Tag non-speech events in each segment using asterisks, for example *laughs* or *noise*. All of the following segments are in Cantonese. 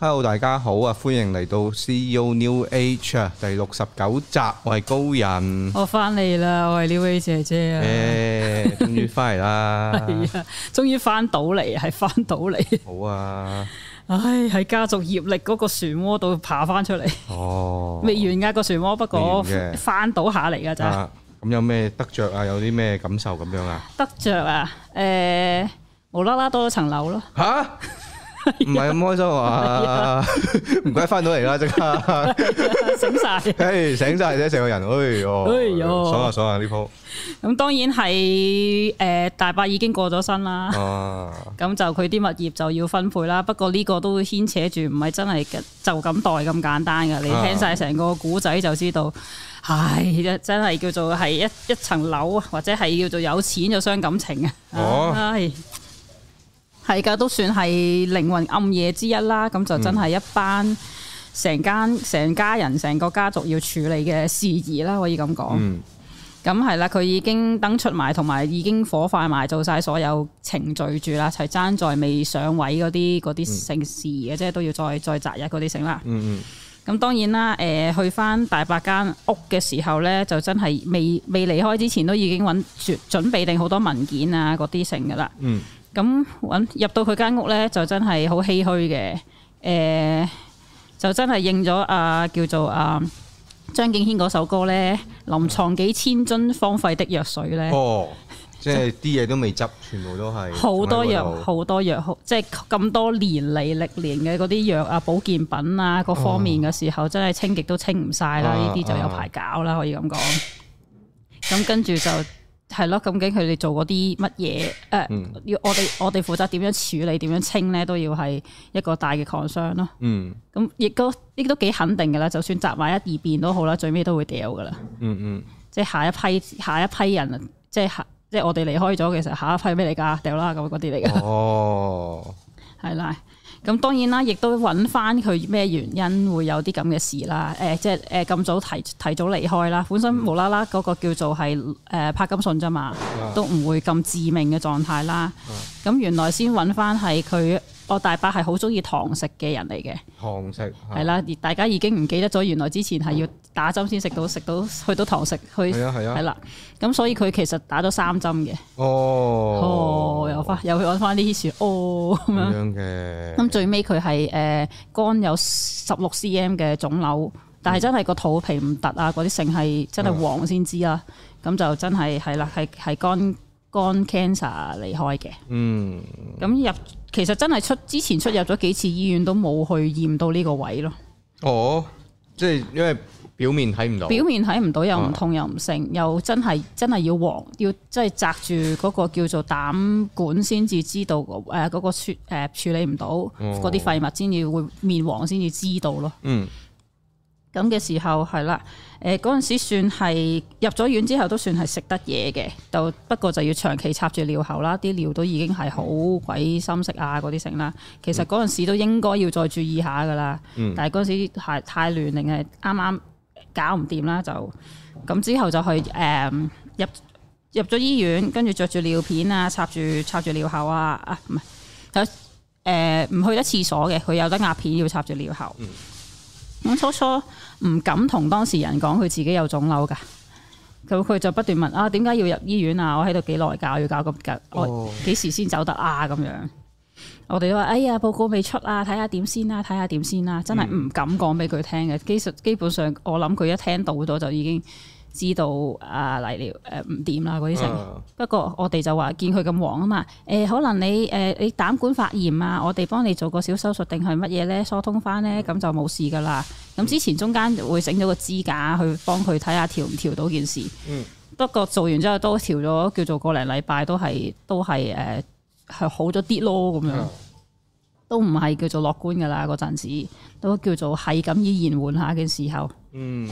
hello，大家好啊，歡迎嚟到 CEO New Age 啊，第六十九集，我係高人，我翻嚟啦，我係 New Age 姐姐啊，誒、欸，終於翻嚟啦，係 *laughs* 啊，終於翻到嚟，係翻到嚟，好啊，唉、哎，喺家族業力嗰個漩渦度爬翻出嚟，哦，未完噶個漩渦，不過翻到下嚟噶咋，咁、啊、有咩得着啊？有啲咩感受咁樣啊？得着啊，誒、欸，無啦啦多咗層樓咯、啊，吓？ *laughs* 唔係咁開心啊，唔該翻到嚟啦，即刻 *laughs* *laughs* 醒晒，誒醒晒啫，成個人，哎喲，哦、哎喲，爽下、啊、爽啊呢鋪。咁、啊啊啊、當然係誒、呃、大伯已經過咗身啦，咁就佢啲物業就要分配啦。不過呢個都會牽扯住，唔係真係就咁代咁簡單噶。你聽晒成個古仔就知道，唉、啊哎，真係叫做係一一層樓，或者係叫做有錢就傷感情啊，唉、哎。哎哎係噶，都算係靈魂暗夜之一啦。咁、嗯、就真係一班成間、成家人、成個家族要處理嘅事宜啦。可以咁講。咁係啦，佢、啊、已經登出埋，同埋已經火化埋，做晒所有程序住啦。齊爭在未上位嗰啲嗰啲姓事嘅，啫，都要再再擇日嗰啲成啦。嗯嗯。咁、嗯、當然啦，誒、呃，去翻大伯間屋嘅時候呢，就真係未未離開之前，都已經揾準備定好多文件啊，嗰啲成噶啦。嗯。咁揾入到佢間屋咧，就真係好唏噓嘅。誒、呃，就真係應咗啊，叫做啊張敬軒嗰首歌咧，《臨床幾千樽荒廢的藥水》咧。哦， *laughs* 就即係啲嘢都未執，全部都係好多藥，好多，多藥，即係咁多年嚟歷年嘅嗰啲藥啊，保健品啊，各方面嘅時候，真係、哦、清極都清唔晒啦。呢啲就有排搞啦，可以咁講。咁、啊、跟住就。係咯，究竟佢哋做過啲乜嘢？誒、呃，嗯、要我哋我哋負責點樣處理、點樣清咧，都要係一個大嘅礦商咯。嗯，咁亦都呢啲都幾肯定㗎啦。就算集埋一二遍都好啦，最尾都會掉㗎啦。嗯嗯，即係下一批下一批人，即係即係我哋離開咗嘅時候，下一批咩嚟㗎？掉啦，咁嗰啲嚟㗎。哦，係啦。咁當然啦，亦都揾翻佢咩原因會有啲咁嘅事啦？誒、哎，即係誒咁早提提早離開啦，本身無啦啦嗰個叫做係誒、呃、柏金遜咋嘛，都唔會咁致命嘅狀態啦。咁、啊嗯嗯啊、原來先揾翻係佢。我大伯係好中意堂食嘅人嚟嘅，堂食係啦，而、啊、大家已經唔記得咗，原來之前係要打針先食到，食到去到堂食，係啊係啊，係啦、啊，咁、啊啊、所以佢其實打咗三針嘅、哦哦，哦，又翻又去揾翻啲希哦咁樣嘅，咁 *laughs* 最尾佢係誒肝有十六 cm 嘅腫瘤，嗯、但係真係個肚皮唔凸啊，嗰啲剩係真係黃先知啦，咁、嗯嗯、就真係係啦，係係肝。肝 cancer 離開嘅，嗯，咁入其實真係出之前出入咗幾次醫院都冇去驗到呢個位咯。哦，即係因為表面睇唔到，表面睇唔到、嗯、又唔痛又唔剩，又真係真係要黃，要即係紮住嗰個叫做膽管先至知道誒嗰、呃嗰個處誒、呃、處理唔到嗰啲廢物先至會面黃先至知道咯。嗯。咁嘅時候係啦，誒嗰陣時算係入咗院之後都算係食得嘢嘅，就不過就要長期插住尿喉啦，啲尿都已經係好鬼深色啊，嗰啲成啦。其實嗰陣時都應該要再注意下噶啦，嗯、但係嗰陣時太太亂，定係啱啱搞唔掂啦，就咁之後就去誒、嗯、入入咗醫院，跟住着住尿片啊，插住插住尿喉啊，啊唔係佢唔去得廁所嘅，佢有得壓片要插住尿喉。嗯。我初初唔敢同當事人講佢自己有腫瘤噶，咁佢就不斷問啊，點解要入醫院啊？我喺度幾耐教要搞咁緊，幾時先走得啊？咁樣，我哋都話哎呀，報告未出啊，睇下點先啦，啊，睇下點先啦，啊，真係唔敢講俾佢聽嘅，基、嗯、基本上我諗佢一聽到咗就已經。知道啊，泥料誒唔掂啦嗰啲成，呃不，啊、不過我哋就話見佢咁黃啊嘛，誒、呃、可能你誒、呃、你膽管發炎啊，我哋幫你做個小手術定係乜嘢咧疏通翻咧，咁就冇事噶啦。咁之前中間會整咗個支架去幫佢睇下調唔調到件事。嗯。不過做完之後都調咗叫做個零禮拜都係都係誒係好咗啲咯咁樣，都唔係、呃嗯、叫做樂觀噶啦嗰陣時，都叫做係咁依然緩下嘅時候。嗯。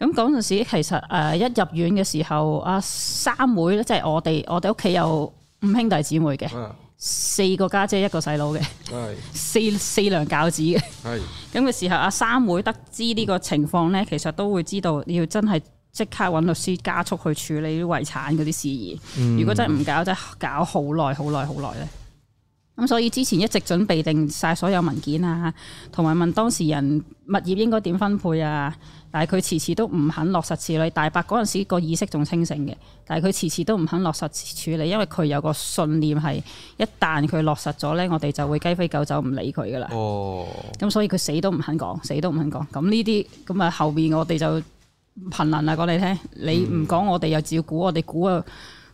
咁嗰陣時，其實誒，一入院嘅時候，阿三妹咧，即係我哋，我哋屋企有五兄弟姊妹嘅，四個家姐，一個細佬嘅，四四娘餃子嘅。咁嘅時候，阿三妹得知呢個情況咧，其實都會知道要真係即刻揾律師加速去處理啲遺產嗰啲事宜。嗯、如果真係唔搞，真係搞好耐好耐好耐咧。咁所以之前一直準備定晒所有文件啊，同埋問當事人物業應該點分配啊。但係佢遲遲都唔肯落實處理。大伯嗰陣時個意識仲清醒嘅，但係佢遲遲都唔肯落實處理，因為佢有個信念係一旦佢落實咗呢，我哋就會雞飛狗走唔理佢噶啦。哦，咁所以佢死都唔肯講，死都唔肯講。咁呢啲咁啊，後面我哋就評論啊，講你聽。你唔講，我哋又照估，我哋估啊，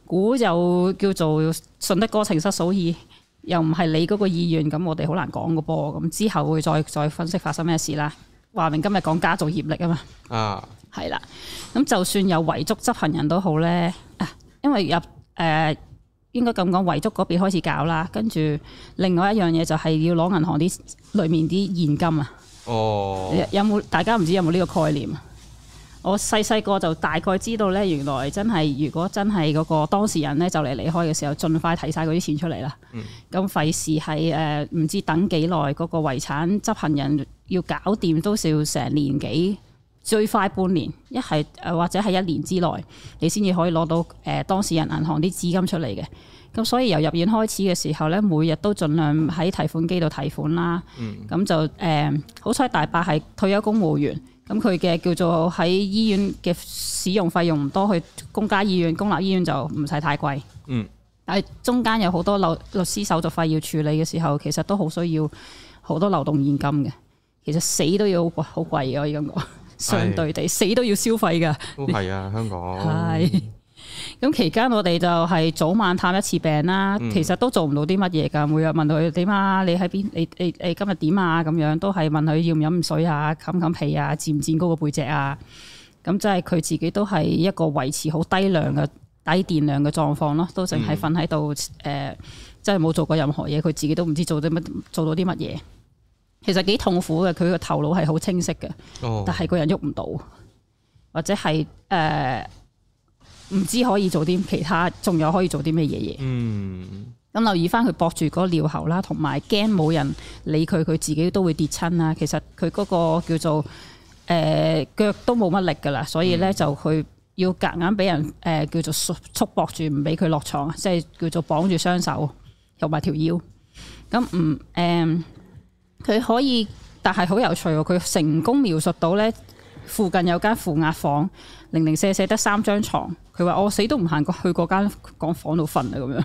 估又叫做順得哥情失嫂意，又唔係你嗰個意願，咁我哋好難講個噃。咁之後會再再分析發生咩事啦。話明今日講家族業力啊嘛，係啦、啊，咁就算有遺囑執行人都好咧、啊，因為入誒、呃、應該咁講，遺囑嗰邊開始搞啦，跟住另外一樣嘢就係要攞銀行啲裏面啲現金啊，哦、有冇大家唔知有冇呢個概念啊？我細細個就大概知道咧，原來真係如果真係嗰個當事人咧就嚟離開嘅時候，盡快提晒嗰啲錢出嚟啦。咁費事係誒唔知等幾耐，嗰、嗰個遺產執行人要搞掂都成年幾，最快半年，一係誒或者係一年之內，你先至可以攞到誒、呃、當事人銀行啲資金出嚟嘅。咁所以由入院開始嘅時候咧，每日都盡量喺提款機度提款啦。咁 *noise* 就誒、嗯、好彩大伯係退休公務員。咁佢嘅叫做喺醫院嘅使用費用唔多，去公家醫院、公立醫院就唔使太貴。嗯，但係中間有好多律律師手續費要處理嘅時候，其實都好需要好多流動現金嘅。其實死都要好、這個、貴嘅，可以咁講，相對地是死都要消費㗎。都係啊，香港。係。咁期間我哋就係早晚探一次病啦，其實都做唔到啲乜嘢噶。嗯、每日問佢點啊，你喺邊？你你你今日點啊？咁樣都係問佢要唔飲水啊，冚冚被啊，攢唔攢高個背脊啊？咁即係佢自己都係一個維持好低量嘅、嗯、低電量嘅狀況咯，都淨係瞓喺度。誒、呃，真係冇做過任何嘢，佢自己都唔知做咗乜，做到啲乜嘢。其實幾痛苦嘅，佢個頭腦係好清晰嘅，哦、但係個人喐唔到，或者係誒。呃唔知可以做啲其他，仲有可以做啲咩嘢嘢？嗯，咁留意返佢駁住個尿喉啦，同埋驚冇人理佢，佢自己都會跌親啦。其實佢嗰個叫做誒、呃、腳都冇乜力㗎喇，所以咧、嗯、就佢要夾硬俾人誒、呃、叫做束束縛住，唔俾佢落床，即係叫做綁住雙手，又埋條腰。咁唔誒，佢、呃、可以，但係好有趣喎！佢成功描述到咧，附近有間負壓房。零零舍舍得三張床，佢話，我死都唔行過去嗰間房房度瞓啊，咁樣，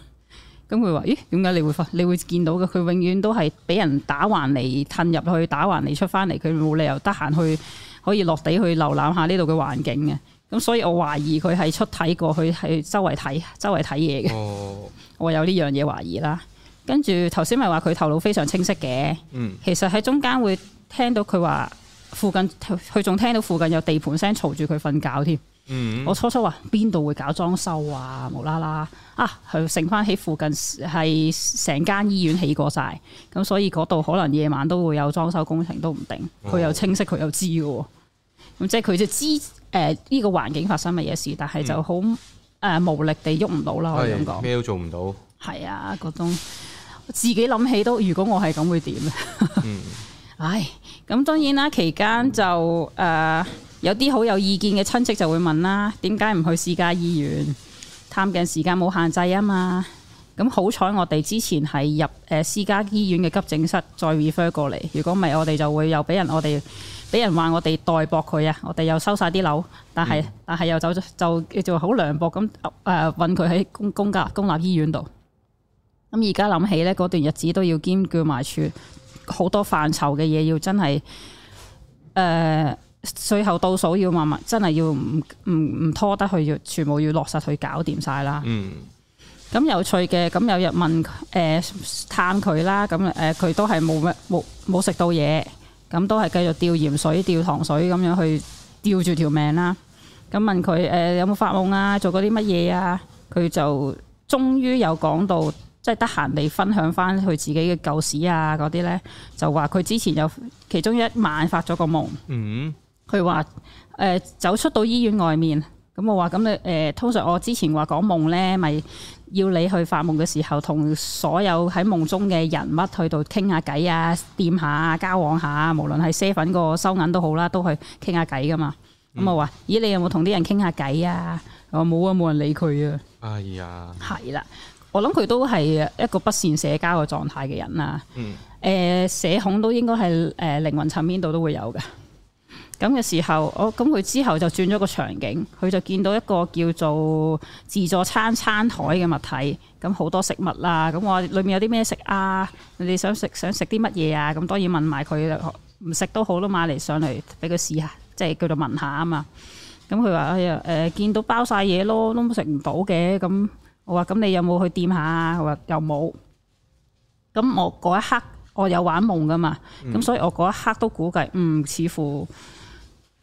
咁佢話，咦，點解你會瞓？你會見到嘅？佢永遠都係俾人打橫嚟，褪入去，打橫嚟出翻嚟，佢冇理由得閒去可以落地去瀏覽下呢度嘅環境嘅。咁所以我懷疑佢係出體過去，係周圍睇周圍睇嘢嘅。哦、我有呢樣嘢懷疑啦。跟住頭先咪話佢頭腦非常清晰嘅，嗯、其實喺中間會聽到佢話。附近佢仲聽到附近有地盤聲嘈住佢瞓覺添。Mm hmm. 我初初話邊度會搞裝修啊？無啦啦啊！佢醒翻起附近係成間醫院起過晒。咁所以嗰度可能夜晚都會有裝修工程都唔定。佢又清晰，佢又知嘅。咁即係佢就知誒呢、呃這個環境發生乜嘢事，但係就好誒無力地喐唔到啦。可以咁講。咩、mm hmm. 都做唔到。係啊，嗰種自己諗起都，如果我係咁會點咧？ *laughs* mm hmm. 唉，咁當然啦，期間就誒、呃、有啲好有意見嘅親戚就會問啦，點解唔去私家醫院探病時間冇限制啊嘛？咁好彩我哋之前係入誒私家醫院嘅急症室再 refer 過嚟，如果唔係我哋就會又俾人我哋俾人話我哋待薄佢啊，我哋又收晒啲樓，但係、嗯、但係又走咗就叫做好涼薄咁誒揾佢喺公公家公立醫院度。咁而家諗起咧，嗰段日子都要兼顧埋住。好多範疇嘅嘢要真係誒、呃，最後倒數要慢慢，真係要唔唔唔拖得去，要全部要落實去搞掂晒啦。嗯。咁有趣嘅，咁有日問誒、呃、探佢啦，咁誒佢都係冇乜冇冇食到嘢，咁都係繼續吊鹽水、吊糖水咁樣去吊住條命啦。咁問佢誒、呃、有冇發夢啊？做過啲乜嘢啊？佢就終於有講到。即係得閒嚟分享返佢自己嘅舊事啊，嗰啲咧就話佢之前有其中一晚發咗個夢，佢話誒走出到醫院外面，咁我話咁你誒，通常我之前話講夢咧，咪、就是、要你去發夢嘅時候，同所有喺夢中嘅人物去度傾下偈啊，掂下交往下啊，無論係 s h 粉個收銀都好啦，都去傾下偈噶嘛。咁、嗯、我話咦，你有冇同啲人傾下偈啊？我冇啊，冇人理佢啊。哎呀，係啦。我諗佢都係一個不善社交嘅狀態嘅人啦。誒、嗯呃，社恐都應該係誒靈魂層面度都會有嘅。咁嘅時候，我咁佢之後就轉咗個場景，佢就見到一個叫做自助餐餐台嘅物體，咁、嗯、好多食物啦、啊。咁我話裏面有啲咩食啊？你哋想食想食啲乜嘢啊？咁、嗯、當然問埋佢，唔食都好啦嘛，買嚟上嚟俾佢試下，即係叫做問下啊嘛。咁佢話，哎、嗯、呀，誒、呃呃、見到包晒嘢咯，都食唔到嘅咁。嗯嗯話咁，你有冇去掂下？話又冇。咁我嗰一刻，我有玩夢㗎嘛？咁、嗯、所以我嗰一刻都估計，嗯，似乎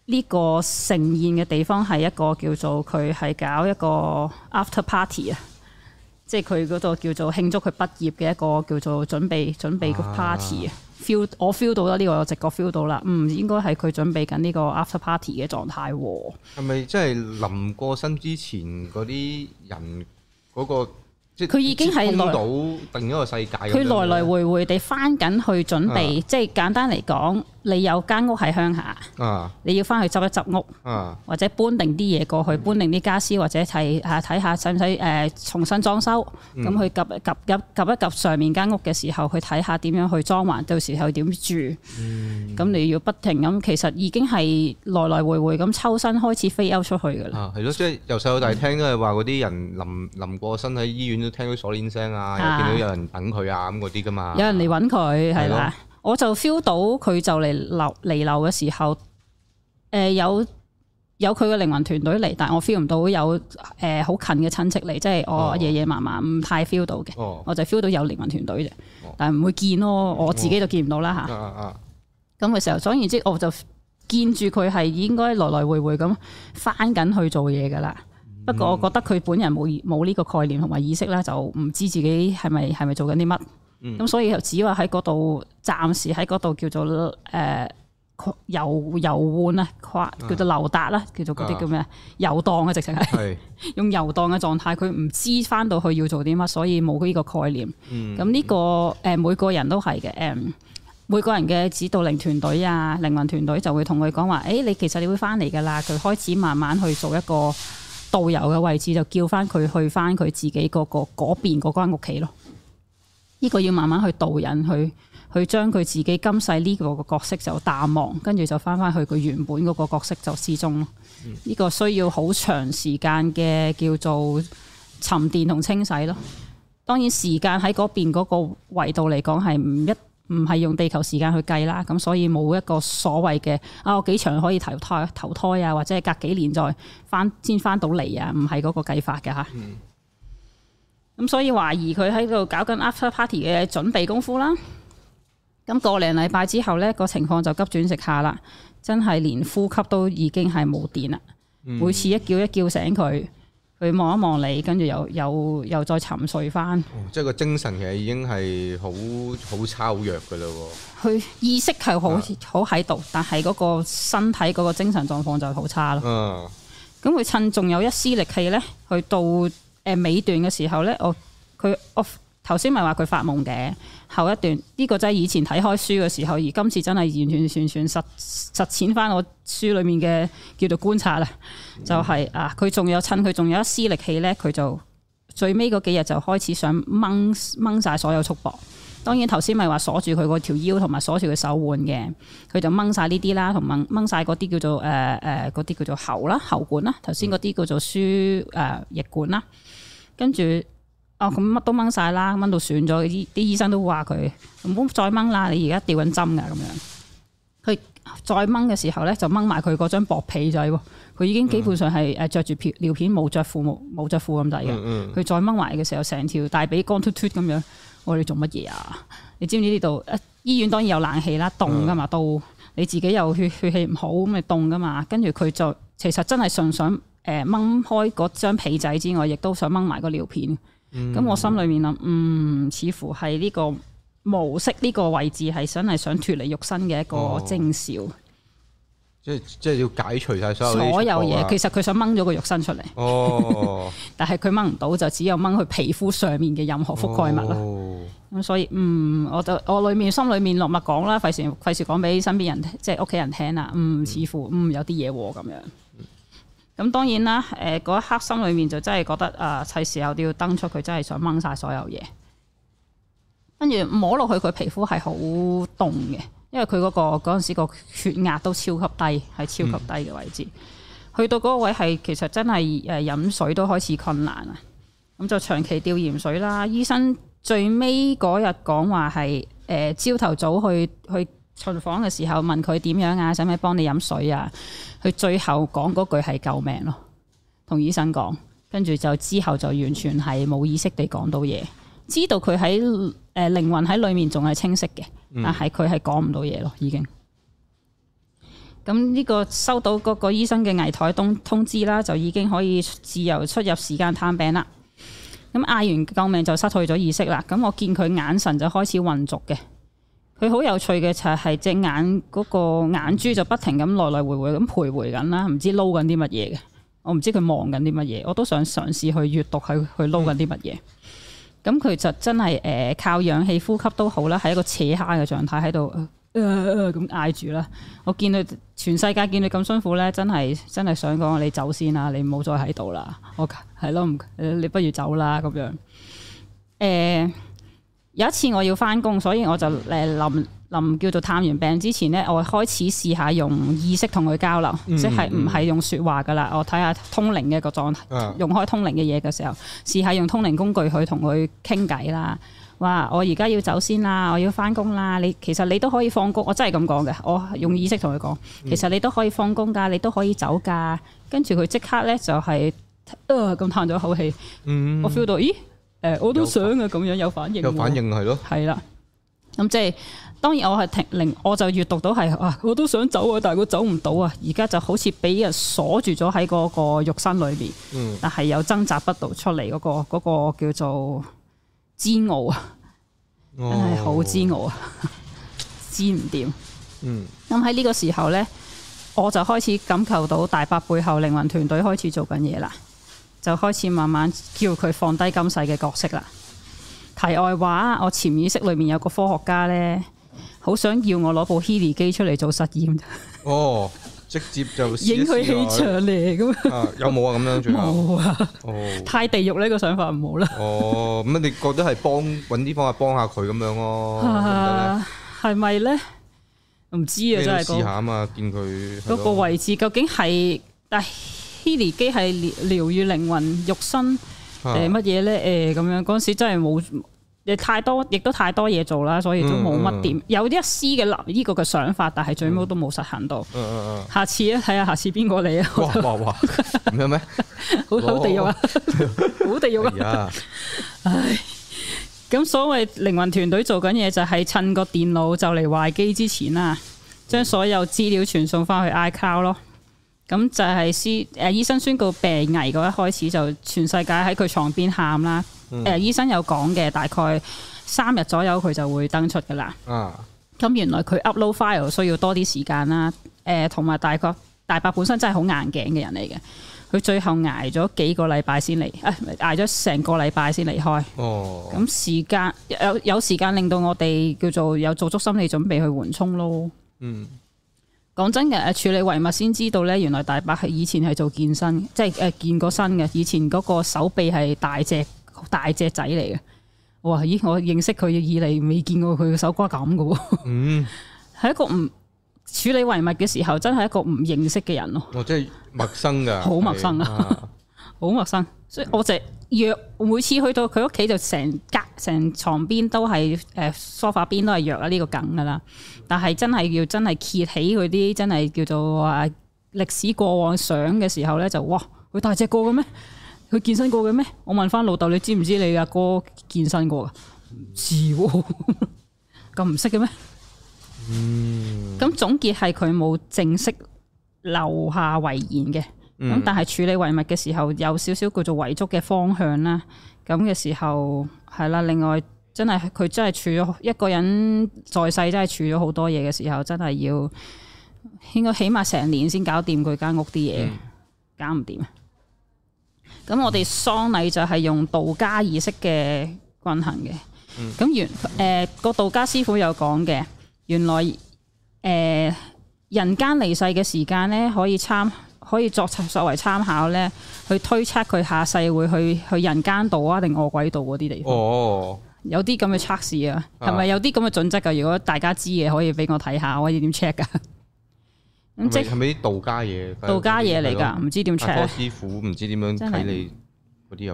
呢個盛宴嘅地方係一個叫做佢係搞一個 after party 啊，即係佢嗰度叫做慶祝佢畢業嘅一個叫做準備準備個 party 啊。feel 我 feel 到啦、這個，呢個直覺 feel 到啦。嗯，應該係佢準備緊呢個 after party 嘅狀態。係咪即係臨過身之前嗰啲人？嗰、那個、即係佢已經係來到定咗個世界。佢來來回回地翻緊去準備，啊、即係簡單嚟講。你有間屋喺鄉下，你要翻去執一執屋，或者搬定啲嘢過去，搬定啲家私，或者睇嚇睇下使唔使誒重新裝修。咁去 𥁤𥁤 一及一 𥁤 上面間屋嘅時候，去睇下點樣去裝潢，到時候點住。咁你要不停咁，其實已經係來來回回咁抽身開始飛 out 出去㗎啦。啊，係咯，即係由細到大聽都係話嗰啲人臨臨過身喺醫院都聽到鎖鏈聲啊，又見到有人等佢啊咁嗰啲㗎嘛。有人嚟揾佢，係咪？我就 feel 到佢就嚟流嚟留嘅時候，誒、呃、有有佢嘅靈魂團隊嚟，但係我 feel 唔到有誒好、呃、近嘅親戚嚟，即係我爺爺嫲嫲唔太 feel 到嘅，哦、噢我就 feel 到有靈魂團隊嘅，噢但係唔會見咯，我自己就見唔到啦嚇。咁嘅噢、啊啊、時候，總言之我就見住佢係應該來來回回咁翻緊去做嘢噶啦。嗯、不過我覺得佢本人冇冇呢個概念同埋意識啦，就唔知自己係咪係咪做緊啲乜。咁、嗯、所以又只話喺嗰度暫時喺嗰度叫做誒、呃、遊遊玩啊，跨叫做溜達啦，叫做嗰啲、啊、叫咩？遊蕩嘅直情係、啊、用遊蕩嘅狀態，佢唔知翻到去要做啲乜，所以冇呢個概念。咁呢、嗯，這個誒、呃，每個人都係嘅。誒，每個人嘅指導靈團隊啊，靈魂團隊就會同佢講話：，誒、欸，你其實你會翻嚟噶啦。佢開始慢慢去做一個導遊嘅位置，就叫翻佢去翻佢自己嗰、那個嗰邊嗰間屋企咯。呢個要慢慢去導引，去去將佢自己今世呢個個角色就淡忘，跟住就翻翻去佢原本嗰個角色就失蹤咯。呢個需要好長時間嘅叫做沉澱同清洗咯。當然時間喺嗰邊嗰個維度嚟講係唔一唔係用地球時間去計啦。咁所以冇一個所謂嘅，啊我幾長可以投胎投胎啊，或者係隔幾年再翻先翻到嚟啊，唔係嗰個計法嘅嚇。咁所以懷疑佢喺度搞緊 after party 嘅準備功夫啦。咁個零禮拜之後呢個情況就急轉直下啦。真係連呼吸都已經係冇電啦。嗯、每次一叫一叫醒佢，佢望一望你，跟住又又又，又再沉睡翻，哦。即係個精神其實已經係好好差好弱噶啦。佢意識係好好喺度，但係嗰個身體嗰個精神狀況就好差咯。咁佢、啊、趁仲有一絲力氣呢，去到。誒、呃、尾段嘅時候咧，我佢我頭先咪話佢發夢嘅，後一段呢、呢個真係以前睇開書嘅時候，而今次真係完全完全，全實實踐翻我書裡面嘅叫做觀察啦，就係、係、啊佢仲有趁佢仲有一絲力氣咧，佢就最尾嗰幾日就開始想掹掹曬所有束縛。當然頭先咪話鎖住佢嗰條腰同埋鎖住佢手腕嘅，佢就掹晒呢啲啦，同掹掹曬嗰啲叫做誒誒嗰啲叫做喉啦喉管啦，頭先嗰啲叫做輸誒、呃、液管啦。跟住，哦，咁乜都掹晒啦，掹到損咗。啲啲醫生都話佢唔好再掹啦。你而家吊緊針噶咁樣，佢再掹嘅時候咧，就掹埋佢嗰張薄被仔喎。佢已經基本上係誒著住尿片，冇着褲冇冇著褲咁滯嘅。佢再掹埋嘅時候，成、嗯嗯、條大髀光脫脫咁樣。我哋做乜嘢啊？你知唔知呢度？醫院當然有冷氣啦，凍噶嘛都。嗯、你自己又血血氣唔好咁咪凍噶嘛。跟住佢就其實真係純粹。誒，掹開嗰張被仔之外，亦都想掹埋個尿片。咁、嗯、我心裏面諗，嗯，似乎係呢個模式，呢、呢個位置係想係想脫離肉身嘅一個徵兆。哦、即係即係要解除晒所有嘢。其實佢想掹咗個肉身出嚟。哦， *laughs* 但係佢掹唔到，就只有掹佢皮膚上面嘅任何覆蓋物啦。咁、哦、所以，嗯，我就我裏面心裏面落默講啦，費事費事講俾身邊人，即係屋企人聽啦。嗯，似乎嗯有啲嘢咁樣。咁當然啦，誒嗰一刻心裏面就真係覺得啊，係、呃、時候都要登出佢，真係想掹晒所有嘢。跟住摸落去，佢皮膚係好凍嘅，因為佢嗰、嗰個嗰陣時個血壓都超級低，係超級低嘅位置。嗯、去到嗰個位係其實真係誒飲水都開始困難啊！咁就長期吊鹽水啦。醫生最尾嗰日講話係誒朝頭早去去。去巡房嘅時候問佢點樣啊，使唔使幫你飲水啊？佢最後講嗰句係救命咯，同醫生講，跟住就之後就完全係冇意識地講到嘢，知道佢喺誒靈魂喺裏面仲係清晰嘅，但係佢係講唔到嘢咯，已經。咁呢個收到嗰個醫生嘅危殆通知啦，就已經可以自由出入時間探病啦。咁嗌完救命就失去咗意識啦，咁我見佢眼神就開始混濁嘅。佢好有趣嘅就係隻眼嗰個眼珠就不停咁來來回回咁徘徊緊啦，唔知撈緊啲乜嘢嘅，我唔知佢忙緊啲乜嘢，我都想嘗試去閲讀去去撈緊啲乜嘢。咁佢就真係誒靠氧氣呼吸都好啦，喺一個扯蝦嘅狀態喺度咁嗌住啦。我見佢全世界見佢咁辛苦咧，真係真係想講你走先啦，你唔好再喺度啦。我係咯，你不如走啦咁樣。誒。有一次我要翻工，所以我就誒臨臨叫做探完病之前咧，我開始試下用意識同佢交流，嗯、即係唔係用説話噶啦。我睇下通靈嘅個狀態，用開通靈嘅嘢嘅時候，試下用通靈工具去同佢傾偈啦。哇！我而家要走先啦，我要翻工啦。你其實你都可以放工，我真係咁講嘅。我用意識同佢講，其實你都可以放工噶，你都可以走噶。跟住佢即刻咧就係、誒，咁嘆咗口氣。我 feel 到、嗯、咦？誒，我都想啊，咁樣有反應，有反應係咯，係啦。咁即係，當然我係停靈，我就閱讀到係，哇、啊，我都想走啊，但係佢走唔到啊。而家就好似俾人鎖住咗喺嗰個肉身裏面，嗯、但係又掙扎不到出嚟，嗰、嗰個、嗰個叫做煎熬啊，真係好煎熬啊，煎唔掂。 *laughs* 嗯。咁喺呢個時候呢，我就開始感覺到大伯背後靈魂團隊開始做緊嘢啦。就開始慢慢叫佢放低今世嘅角色啦。題外話，我潛意識裏面有個科學家咧，好想要我攞部 Healy 機出嚟做實驗。哦，直接就影佢氣場嚟咁有冇啊？咁樣仲有冇啊？啊哦，太地獄呢個想法唔好啦。哦，咁、嗯、你覺得係幫搵啲方法幫下佢咁樣咯？係咪咧？唔知啊，真係試下啊嘛，的見佢嗰個位置究竟係第。D 級係療愈靈魂、肉身，誒乜嘢咧？誒、欸、咁、欸、樣嗰時真係冇，亦太多，亦都太多嘢做啦，所以都冇乜點有一絲嘅立，呢、這個嘅想法，但係最尾都冇實行到。嗯嗯嗯、下次咧，睇下下次邊個嚟啊？哇哇哇咩？ *laughs* *laughs* 好地獄啊！好，好， *laughs* 好地獄啊！哎、呀 *laughs* 唉，咁所謂靈魂團隊做緊嘢就係趁個電腦就嚟壞機之前啊，將所有資料傳送翻去 iCloud 咯。咁就係醫，誒醫生宣告病危嗰一開始，就全世界喺佢床邊喊啦。誒、嗯呃、醫生有講嘅，大概三日左右佢就會登出噶啦。咁、啊、原來佢 upload file 需要多啲時間啦。誒，同埋大概大伯本身真係好硬頸嘅人嚟嘅，佢最後捱咗幾個禮拜先嚟，誒、呃、捱咗成個禮拜先離開。咁、哦、時間有有時間令到我哋叫做有做足心理準備去緩衝咯。嗯。講真嘅，處理遺物先知道咧，原來大伯係以前係做健身，即係誒健過身嘅，以前嗰個手臂係大隻大隻仔嚟嘅。哇，咦，我認識佢以嚟，未見過佢嘅手瓜咁嘅喎。嗯，係 *laughs* 一個唔處理遺物嘅時候，真係一個唔認識嘅人咯。哦，即係陌生噶。好 *laughs* 陌生啊是！ *laughs* 好陌生，所以我就藥。每次去到佢屋企就成隔成床邊都係誒，梳化邊都係藥啦。呢、這個梗噶啦，但係真係要真係揭起佢啲真係叫做話、啊、歷史過往相嘅時候咧，就哇，佢大隻過嘅咩？佢健身過嘅咩？我問翻老豆，你知唔知你阿哥健身過啊？唔是喎，咁唔識嘅咩？嗯，咁總結係佢冇正式留下遺言嘅。咁、嗯、但係處理遺物嘅時候，有少少叫做遺囑嘅方向啦。咁嘅時候係啦，另外真係佢真係處咗一個人在世，真係處咗好多嘢嘅時候，真係要應該起碼成年先搞掂佢間屋啲嘢，嗯、搞唔掂啊！咁我哋喪禮就係用道家儀式嘅運行嘅。咁、嗯、原誒個、呃、道家師傅有講嘅，原來誒、呃、人間離世嘅時間咧，可以參。可以作作為參考咧，去推測佢下世會去去人間道啊，定惡鬼道嗰啲地方。哦，有啲咁嘅測試啊，係咪有啲咁嘅準則噶？如果大家知嘅，可以俾我睇下，我可以點 check 噶？咁 *laughs* 即係咪啲道家嘢？道家嘢嚟㗎，唔知點 check？、啊、師傅唔知點樣睇你。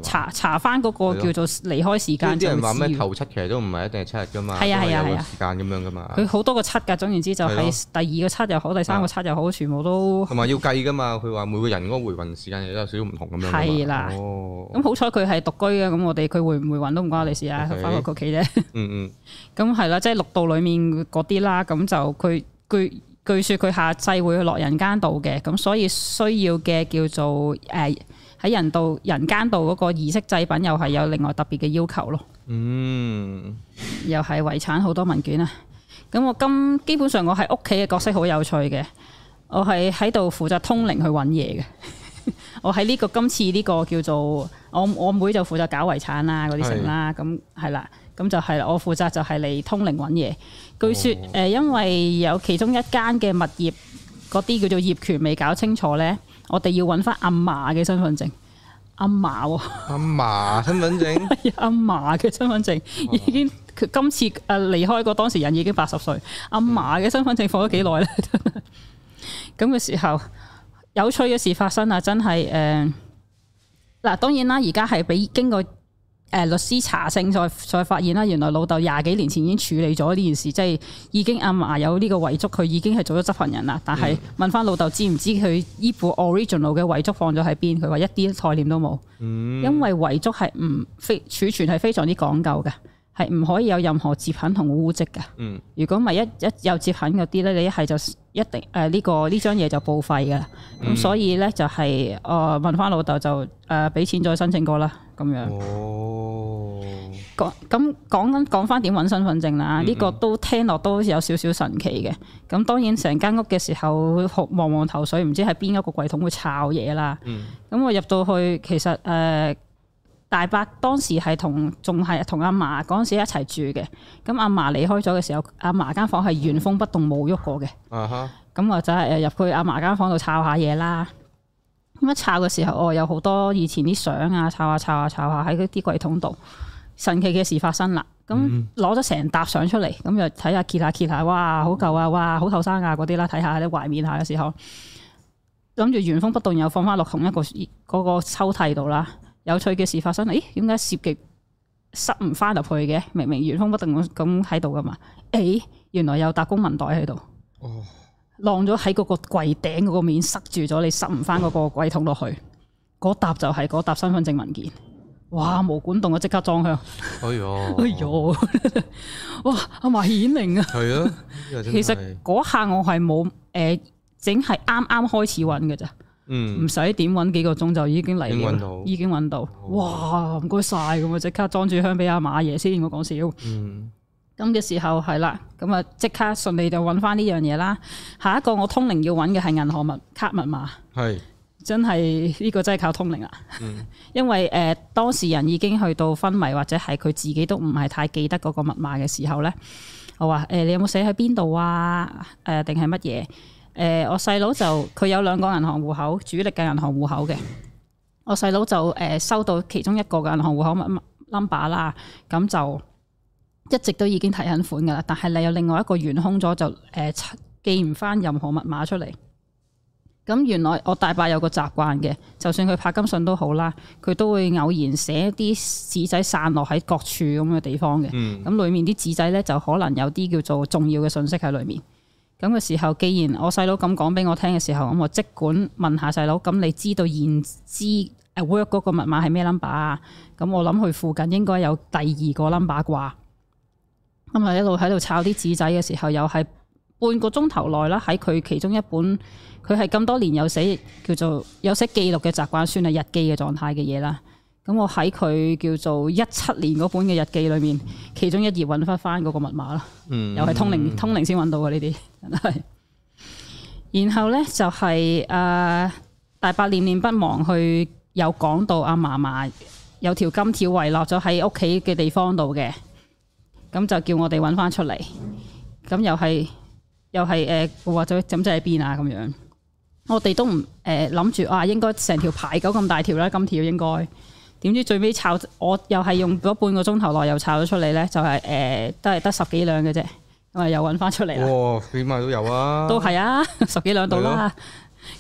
查查翻嗰個叫做離開時間，即係話咩頭七其實都唔係一定係七日噶嘛，係啊，係啊，係啊。時間咁樣噶嘛。佢好多個七噶，總言之就喺第二個七又好，第三個七又好，全部都同埋要計噶嘛。佢話每個人嗰個回魂時間有少少唔同咁樣。係啦，咁好彩佢係獨居嘅，咁我哋佢會唔會揾都唔關我哋事啊，翻屋企啫。嗯嗯，咁係啦，即係六道裡面嗰啲啦，咁就佢據據說佢下世會落人間道嘅，咁所以需要嘅叫做誒。喺人道、人間道嗰個儀式製品又係有另外特別嘅要求咯。嗯，又係遺產好多文件啊！咁我今基本上我喺屋企嘅角色好有趣嘅，我係喺度負責通靈去揾嘢嘅。 *laughs* 我喺呢、這個今次呢個叫做我我妹就負責搞遺產啦，嗰啲剩啦，咁係啦，咁、嗯、就係、是、我負責就係嚟通靈揾嘢。據説誒、呃，因為有其中一間嘅物業嗰啲叫做業權未搞清楚呢。我哋要揾翻阿嫲嘅身份證，阿嫲、哦，阿嫲身份證， *laughs* 阿嫲嘅身份證已經、哦、今次誒離開個當事人已經八十歲，阿嫲嘅身份證放咗幾耐咧？咁嘅時候，有趣嘅事發生啊！真係誒，嗱、呃，當然啦，而家係俾經過。誒律師查證再再發現啦，原來老豆廿幾年前已經處理咗呢件事，即係已經阿嫲有呢個遺囑，佢已經係做咗執行人啦。但係問翻老豆知唔知佢依部 original 嘅遺囑放咗喺邊？佢話一啲概念都冇，因為遺囑係唔非儲存係非常之講究嘅。係唔可以有任何摺痕同污漬嘅。嗯。如果唔係一一有摺痕嗰啲咧，你一係就一定誒呢個呢張嘢就報廢嘅啦。咁所以咧就係誒問翻老豆就誒俾錢再申請過啦。咁樣。哦。講咁講緊講翻點揾身份證啦？呢個都聽落都有少少神奇嘅。咁當然成間屋嘅時候望望頭水，唔知喺邊一個櫃桶會抄嘢啦。咁我入到去其實誒。大伯當時係同仲係同阿嫲嗰陣時一齊住嘅，咁阿嫲離開咗嘅時候，阿嫲間房係原封不動冇喐過嘅。咁我就係入去阿嫲間房度抄下嘢啦。咁一抄嘅時候，哦有好多以前啲相啊，抄下抄下抄下喺嗰啲櫃桶度，神奇嘅事發生啦。咁攞咗成沓相出嚟，咁就睇下揭下揭下，哇好舊啊，哇好後生啊嗰啲啦，睇下喺啲懷念下嘅時候，諗住原封不動又放翻落同一個嗰個抽屜度啦。有趣嘅事發生，咦？點解涉及塞唔返入去嘅？明明原封不動咁咁喺度噶嘛？誒、欸，原來有沓公文袋喺度，哦，晾咗喺嗰個櫃頂嗰個面，塞住咗你塞唔返嗰個櫃桶落去，嗰沓 *laughs* 就係嗰沓身份證文件，哇，毛管動啊，即刻裝香，哎呦，哎呦，哇，阿嫲顯靈啊，係啊！ *laughs* 其實嗰下我係冇誒，淨係啱啱開始揾噶咋嗯，唔使點揾幾個鐘就已經嚟啦，已經揾到，好好哇，唔該晒。咁我即刻裝住箱俾阿馬爺先，我講笑。嗯，咁嘅時候係啦，咁啊即刻順利就揾翻呢樣嘢啦。下一個我通靈要揾嘅係銀行密卡密碼，係是真係呢、呢個真係靠通靈啦。嗯、因為誒、呃、當事人已經去到昏迷或者係佢自己都唔係太記得嗰個密碼嘅時候咧，我話誒、呃、你有冇寫喺邊度啊？誒定係乜嘢？誒、呃，我細佬就佢有兩個銀行戶口，主力嘅銀行戶口嘅。我細佬就誒、呃、收到其中一個嘅銀行戶口密碼 number 啦，咁就一直都已經提緊款嘅啦。但係你有另外一個完空咗，就誒寄唔返任何密碼出嚟。咁原來我大伯有個習慣嘅，就算佢拍金信都好啦，佢都會偶然寫啲紙仔散落喺各處咁嘅地方嘅。嗯。咁裡面啲紙仔咧，就可能有啲叫做重要嘅信息喺裡面。咁嘅時候，既然我細佬咁講俾我聽嘅時候，咁我即管問下細佬，咁你知道現知 work 嗰個密碼係咩 number 啊？咁我諗佢附近應該有第二個 number 啩。咁啊一路喺度抄啲紙仔嘅時候，又係半個鐘頭內啦，喺佢其中一本，佢係咁多年有寫叫做有寫記錄嘅習慣，算係日記嘅狀態嘅嘢啦。咁我喺佢叫做一七年嗰本嘅日記裏面，其中一頁揾翻翻嗰個密碼啦，又係通靈通靈先揾到嘅呢啲。 *laughs* 然後呢，就係、是、誒、呃、大伯念念不忘去有講到阿嫲嫲有條金條遺落咗喺屋企嘅地方度嘅，咁就叫我哋揾翻出嚟。咁又係又係誒或者咁就喺邊啊咁樣？我哋都唔誒諗住啊，應該成條排狗咁大條啦，金條應該。點知最尾炒，我又係用咗半個鐘頭內又炒咗出嚟咧，就係誒都係得十幾兩嘅啫，咁啊又揾翻出嚟啦。哇、哦！起碼都有啊？都係啊，十幾兩度啦。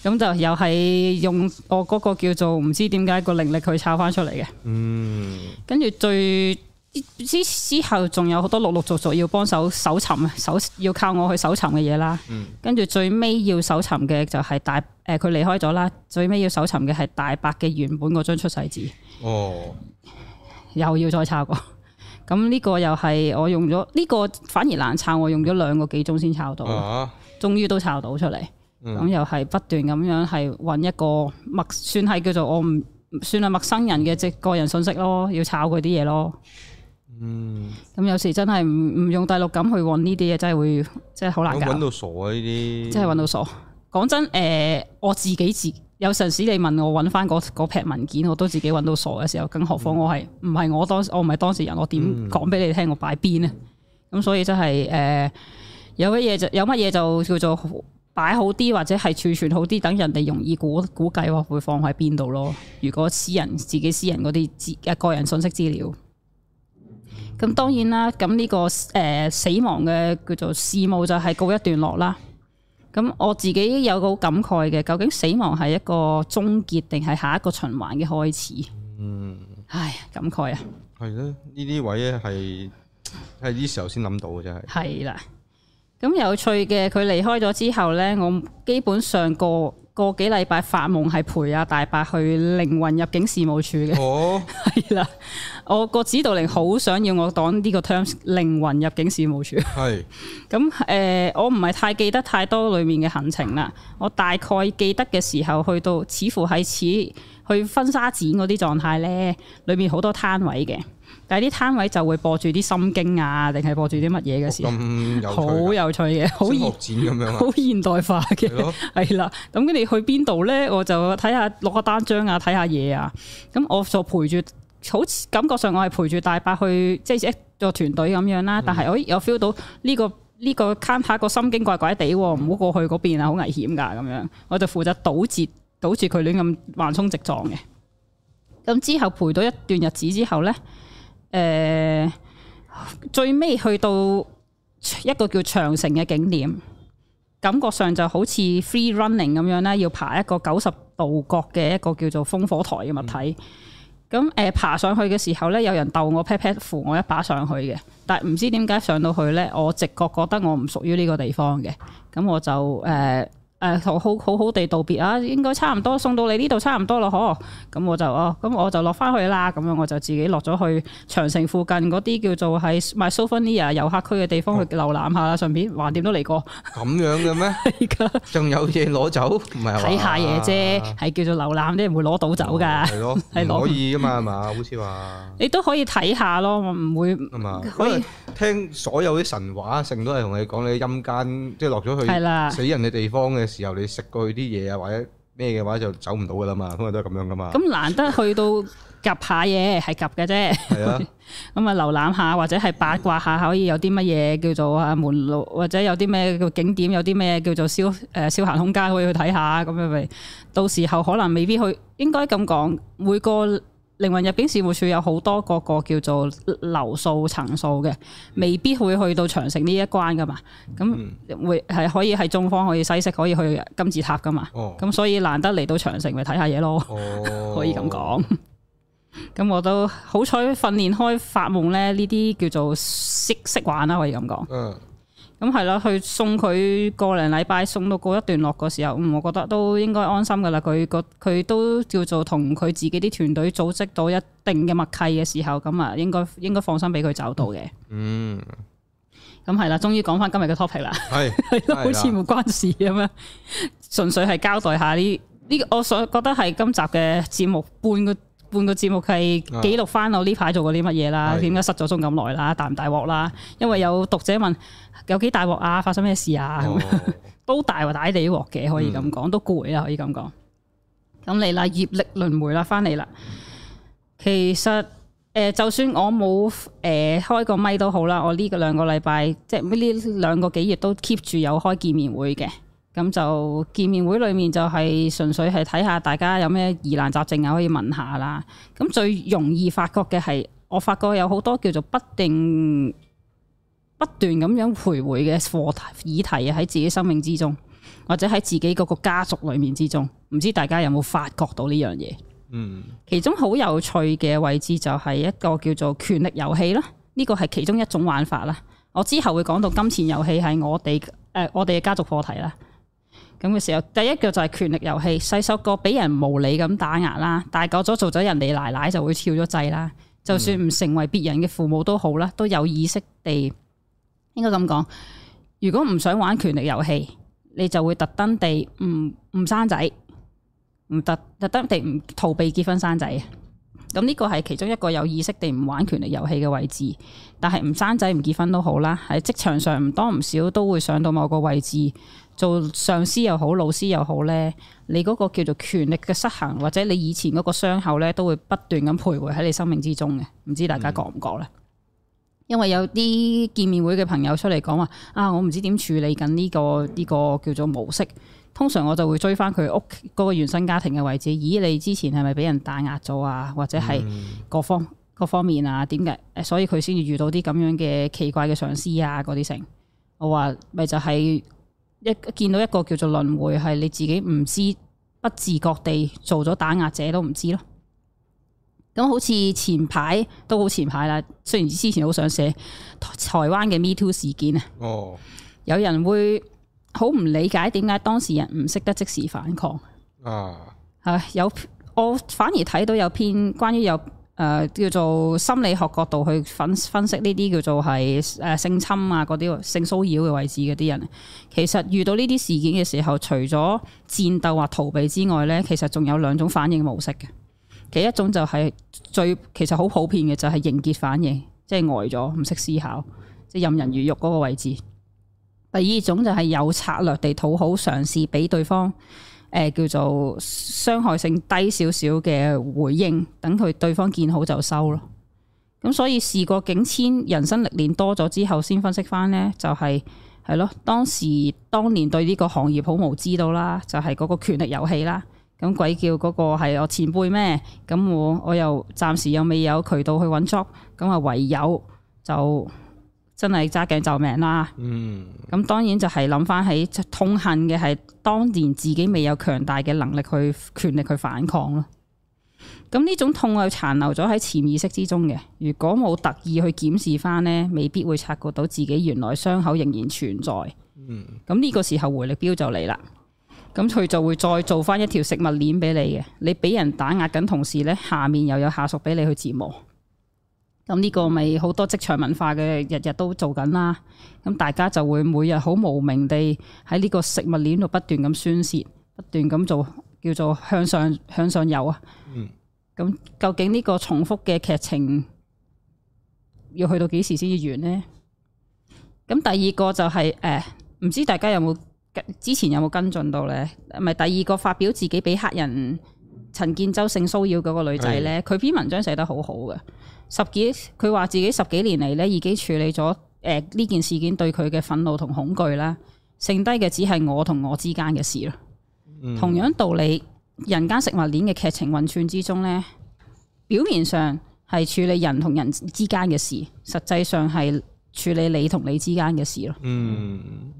咁的就又係用我嗰個叫做唔知點解個靈力去炒翻出嚟嘅。嗯。跟住最。之之後，仲有好多陸陸續續要幫手搜尋，搜要靠我去搜尋嘅嘢啦。跟住、嗯、最尾要搜尋嘅就係大誒，佢、呃、離開咗啦。最尾要搜尋嘅係大伯嘅原本嗰張出世紙哦，又要再抄過。咁 *laughs* 呢個又係我用咗呢、這個，反而難抄。我用咗兩個幾鐘先抄到，終於、啊、都抄到出嚟。咁、嗯嗯、又係不斷咁樣係搵一個陌，算係叫做我唔算係陌生人嘅即個人信息咯，要抄佢啲嘢咯。嗯，咁有時真係唔唔用第六感去搵呢啲嘢，真係會真係好難噶，搵到傻啊呢啲，真係搵到傻。講真，誒、呃，我自己自己有陣時你問我搵翻嗰嗰批文件，我都自己搵到傻嘅時候，更何況我係唔係我當時，我唔係當事人，我點講俾你聽、嗯、我擺邊呢？咁所以真係，誒、呃，有乜嘢就，有乜嘢就叫做擺好啲，或者係儲存好啲，等人哋容易估估計會放喺邊度咯。如果私人自己私人嗰啲資個人信息資料。咁當然啦，咁呢個誒死亡嘅叫做事務就係告一段落啦。咁我自己有個好感慨嘅，究竟死亡係一個終結定係下一個循環嘅開始？嗯，唉，感慨啊！係咧，呢啲位咧係係呢時候先諗到嘅真係。係啦，咁有趣嘅，佢離開咗之後咧，我基本上個個幾禮拜發夢係陪阿大伯去靈魂入境事務處嘅，哦，係啦，我個指導靈好想要我當呢個 term 靈魂入境事務處是，係咁誒，我唔係太記得太多裏面嘅行程啦，我大概記得嘅時候去到似乎係似去婚紗展嗰啲狀態呢，裏面好多攤位嘅。但係啲攤位就會播住啲心經啊，定係播住啲乜嘢嘅事？咁好有趣嘅，好落展咁樣，好現代化嘅係啦。咁跟住去邊度咧？我就睇下落個單張啊，睇下嘢啊。咁我就陪住，好似感覺上我係陪住大伯去，即係一個團隊咁樣啦、啊。嗯、但係我有 feel 到呢、呢個呢、呢個 counter 個心經怪怪地、啊，唔好過去嗰邊啊，好危險噶咁、啊、樣。我就負責堵截，堵住佢亂咁橫衝直撞嘅。咁之後陪到一段日子之後咧。誒、呃，最尾去到一個叫長城嘅景點，感覺上就好似 free running 咁樣咧，要爬一個九十度角嘅一個叫做烽火台嘅物體。咁誒、嗯呃，爬上去嘅時候咧，有人逗我 pat pat 扶我一把上去嘅，但係唔知點解上到去咧，我直覺覺得我唔屬於呢個地方嘅，咁我就誒。呃誒同好好好地道別啊，應該差唔多，送到你呢度差唔多咯，嗬咁我就哦，咁我就落翻去啦，咁樣我就自己落咗去長城附近嗰啲叫做係賣 Souvenir 遊客區嘅地方去瀏覽下啦，順便橫掂都嚟過。咁樣嘅咩？而家仲有嘢攞走？唔係睇下嘢啫，係叫做瀏覽啫，唔會攞到走㗎。係咯，係攞可以㗎嘛係嘛？好似話你都可以睇下咯，我唔會啊嘛。可以聽所有啲神話，成都係同你講你陰間，即係落咗去死人嘅地方嘅。時候你食過去啲嘢啊，或者咩嘅話就走唔到噶啦嘛，咁啊都係咁樣噶嘛。咁難得去到 𥄫 下嘢係 𥄫 嘅啫。係啊，咁啊瀏覽下或者係八卦下，可以有啲乜嘢叫做啊門路，或者有啲咩嘅景點，有啲咩叫做消誒消閒空間可以去睇下啊，咁啊咪到時候可能未必去，應該咁講每個。靈魂入境事務處有好多個個叫做樓數層數嘅，未必會去到長城呢一關噶嘛。咁會係可以係中方，可以西方，可以去金字塔噶嘛。咁、哦、所以難得嚟到長城咪睇下嘢咯，可以咁講。咁我都好彩訓練開發夢咧呢啲叫做識識玩啦，可以咁講。嗯。咁係啦，去送佢個零禮拜，送到過一段落嗰時候，嗯，我覺得都應該安心噶啦。佢個佢都叫做同佢自己啲團隊組織到一定嘅默契嘅時候，咁啊應該應該放心俾佢走到嘅。嗯，咁係啦，終於講翻今日嘅 topic 啦，是， *laughs* 都係，好似冇關事咁樣，純粹係交代下啲呢，我覺得係今集嘅節目半個。半個節目係記錄翻我呢排做過啲乜嘢啦，點解、啊、失咗蹤咁耐啦，大唔大鑊啦？因為有讀者問有幾大鑊啊，發生咩事啊？啊 *laughs* 都大鑊大地鑊嘅，可以咁講，都攰啦，可以咁講。咁嚟啦，業力輪迴啦，翻嚟啦。其實誒，就算我冇誒開個咪都好啦，我呢個兩個禮拜即係呢兩個幾月都 keep 住有開見面會嘅。咁就見面會裏面就係純粹係睇下大家有咩疑難雜症啊，可以問下啦。咁最容易發覺嘅係，我發覺有好多叫做不定不斷咁樣徘徊嘅課題議題啊，喺自己生命之中，或者喺自己個個家族裏面之中，唔知大家有冇發覺到呢樣嘢？嗯，其中好有趣嘅位置就係一個叫做權力遊戲啦。呢個係其中一種玩法啦。我之後會講到金錢遊戲係我哋誒、呃、我哋嘅家族課題啦。咁嘅時候，第一個就係權力遊戲，細細個俾人無理咁打壓啦，大個咗做咗人哋奶奶就會跳咗掣啦。嗯、就算唔成為別人嘅父母都好啦，都有意識地，應該咁講。如果唔想玩權力遊戲，你就會特登地唔唔生仔，唔特特登地唔逃避結婚生仔。咁呢個係其中一個有意識地唔玩權力遊戲嘅位置。但係唔生仔唔結婚都好啦，喺職場上唔多唔少都會上到某個位置。做上司又好，老師又好呢，你嗰個叫做權力嘅失衡，或者你以前嗰個傷口呢，都會不斷咁徘徊喺你生命之中嘅。唔知大家覺唔覺呢？嗯、因為有啲見面會嘅朋友出嚟講話啊，我唔知點處理緊、這、呢個呢、呢個叫做模式。通常我就會追翻佢屋企嗰個原生家庭嘅位置。咦？你之前係咪俾人打壓咗啊？或者係各方各方面啊？點解？所以佢先至遇到啲咁樣嘅奇怪嘅上司啊嗰啲成？我話咪就係、是。一見到一個叫做輪迴，係你自己唔知，不自覺地做咗打壓者都唔知咯。咁好似前排都好前排啦，雖然之前好想寫台灣嘅 Me Too 事件啊。哦，有人會好唔理解點解當事人唔識得即時反抗啊？嚇，有我反而睇到有篇關於有。誒、呃、叫做心理學角度去分分析呢啲叫做係誒性侵啊嗰啲性騷擾嘅位置嗰啲人，其實遇到呢啲事件嘅時候，除咗戰鬥或逃避之外呢，其實仲有兩種反應模式嘅。其一種就係最其實好普遍嘅就係凝結反應，即係呆咗唔識思考，即係任人魚肉嗰個位置。第二種就係有策略地討好、嘗試俾對方。誒、呃、叫做傷害性低少少嘅回應，等佢對方見好就收咯。咁所以事過境遷，人生歷練多咗之後，先分析翻呢，就係、係、係咯，當時當年對呢個行業好無知道啦，就係、係、嗰個權力遊戲啦。咁鬼叫嗰個係我前輩咩？咁我我又暫時又未有渠道去揾捉，咁啊唯有就。真係揸頸就命啦！咁、嗯、當然就係諗翻起痛恨嘅係當年自己未有強大嘅能力去權力去反抗咯。咁呢種痛係殘留咗喺潛意識之中嘅，如果冇特意去檢視翻呢，未必會察覺到自己原來傷口仍然存在。咁呢、嗯、個時候回力標就嚟啦，咁佢就會再做翻一條食物鏈俾你嘅。你俾人打壓緊同時呢，下面又有下屬俾你去折磨。咁呢個咪好多職場文化嘅，日日都做緊啦。咁大家就會每日好無名地喺呢個食物鏈度不斷咁宣泄，不斷咁做叫做向上向上遊啊。咁、嗯、究竟呢個重複嘅劇情要去到幾時先至完呢？咁第二個就係、是、誒，唔、呃、知大家有冇之前有冇跟進到咧？咪第二個發表自己俾黑人陳建州性騷擾嗰個女仔呢，佢是的 篇文章寫得好好嘅。十幾，佢話自己十幾年嚟咧，已經處理咗誒呢件事件對佢嘅憤怒同恐懼啦，剩低嘅只係我同我之間嘅事咯。同樣道理，人間食物鏈嘅劇情運轉之中咧，表面上係處理人同人之間嘅事，實際上係處理你同你之間嘅事咯。嗯，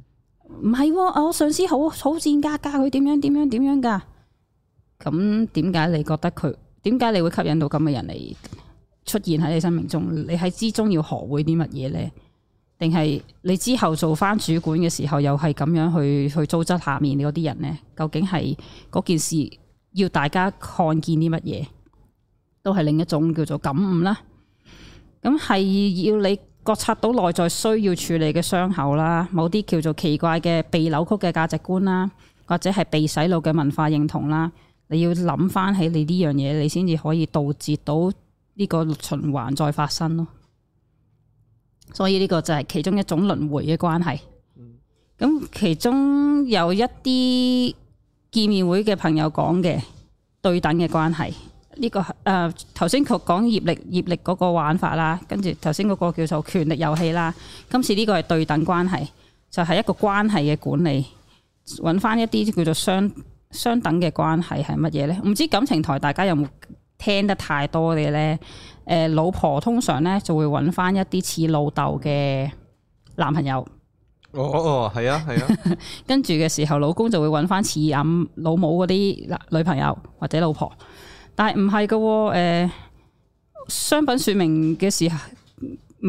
唔係，我上司好好賤格，噶，佢點樣點樣點樣噶？咁點解你覺得佢？點解你會吸引到咁嘅人嚟？出現喺你生命中，你喺之中要學會啲乜嘢呢？定係你之後做翻主管嘅時候，又係咁樣去去糟質下面嗰啲人呢？究竟係嗰件事要大家看見啲乜嘢？都係另一種叫做感悟啦。咁係要你覺察到內在需要處理嘅傷口啦，某啲叫做奇怪嘅被扭曲嘅價值觀啦，或者係被洗腦嘅文化認同啦，你要諗翻起你呢樣嘢，你先至可以杜絕到。呢個循環再發生咯，所以呢個就係其中一種輪迴嘅關係。咁其中有一啲見面會嘅朋友講嘅對等嘅關係，呢個誒，頭先佢講業力業力嗰個玩法啦，跟住頭先嗰個叫做權力遊戲啦，今次呢個係對等關係，就係一個關係嘅管理，揾翻一啲叫做相相等嘅關係係乜嘢呢？唔知感情台大家有冇？聽得太多嘅，咧，誒，老婆通常咧就會揾翻一啲似老豆嘅男朋友。哦哦，係啊係啊。啊 *laughs* 跟住嘅時候，老公就會揾翻似咁老母嗰啲女朋友或者老婆。但係唔係噶，誒、呃，商品說明嘅時候，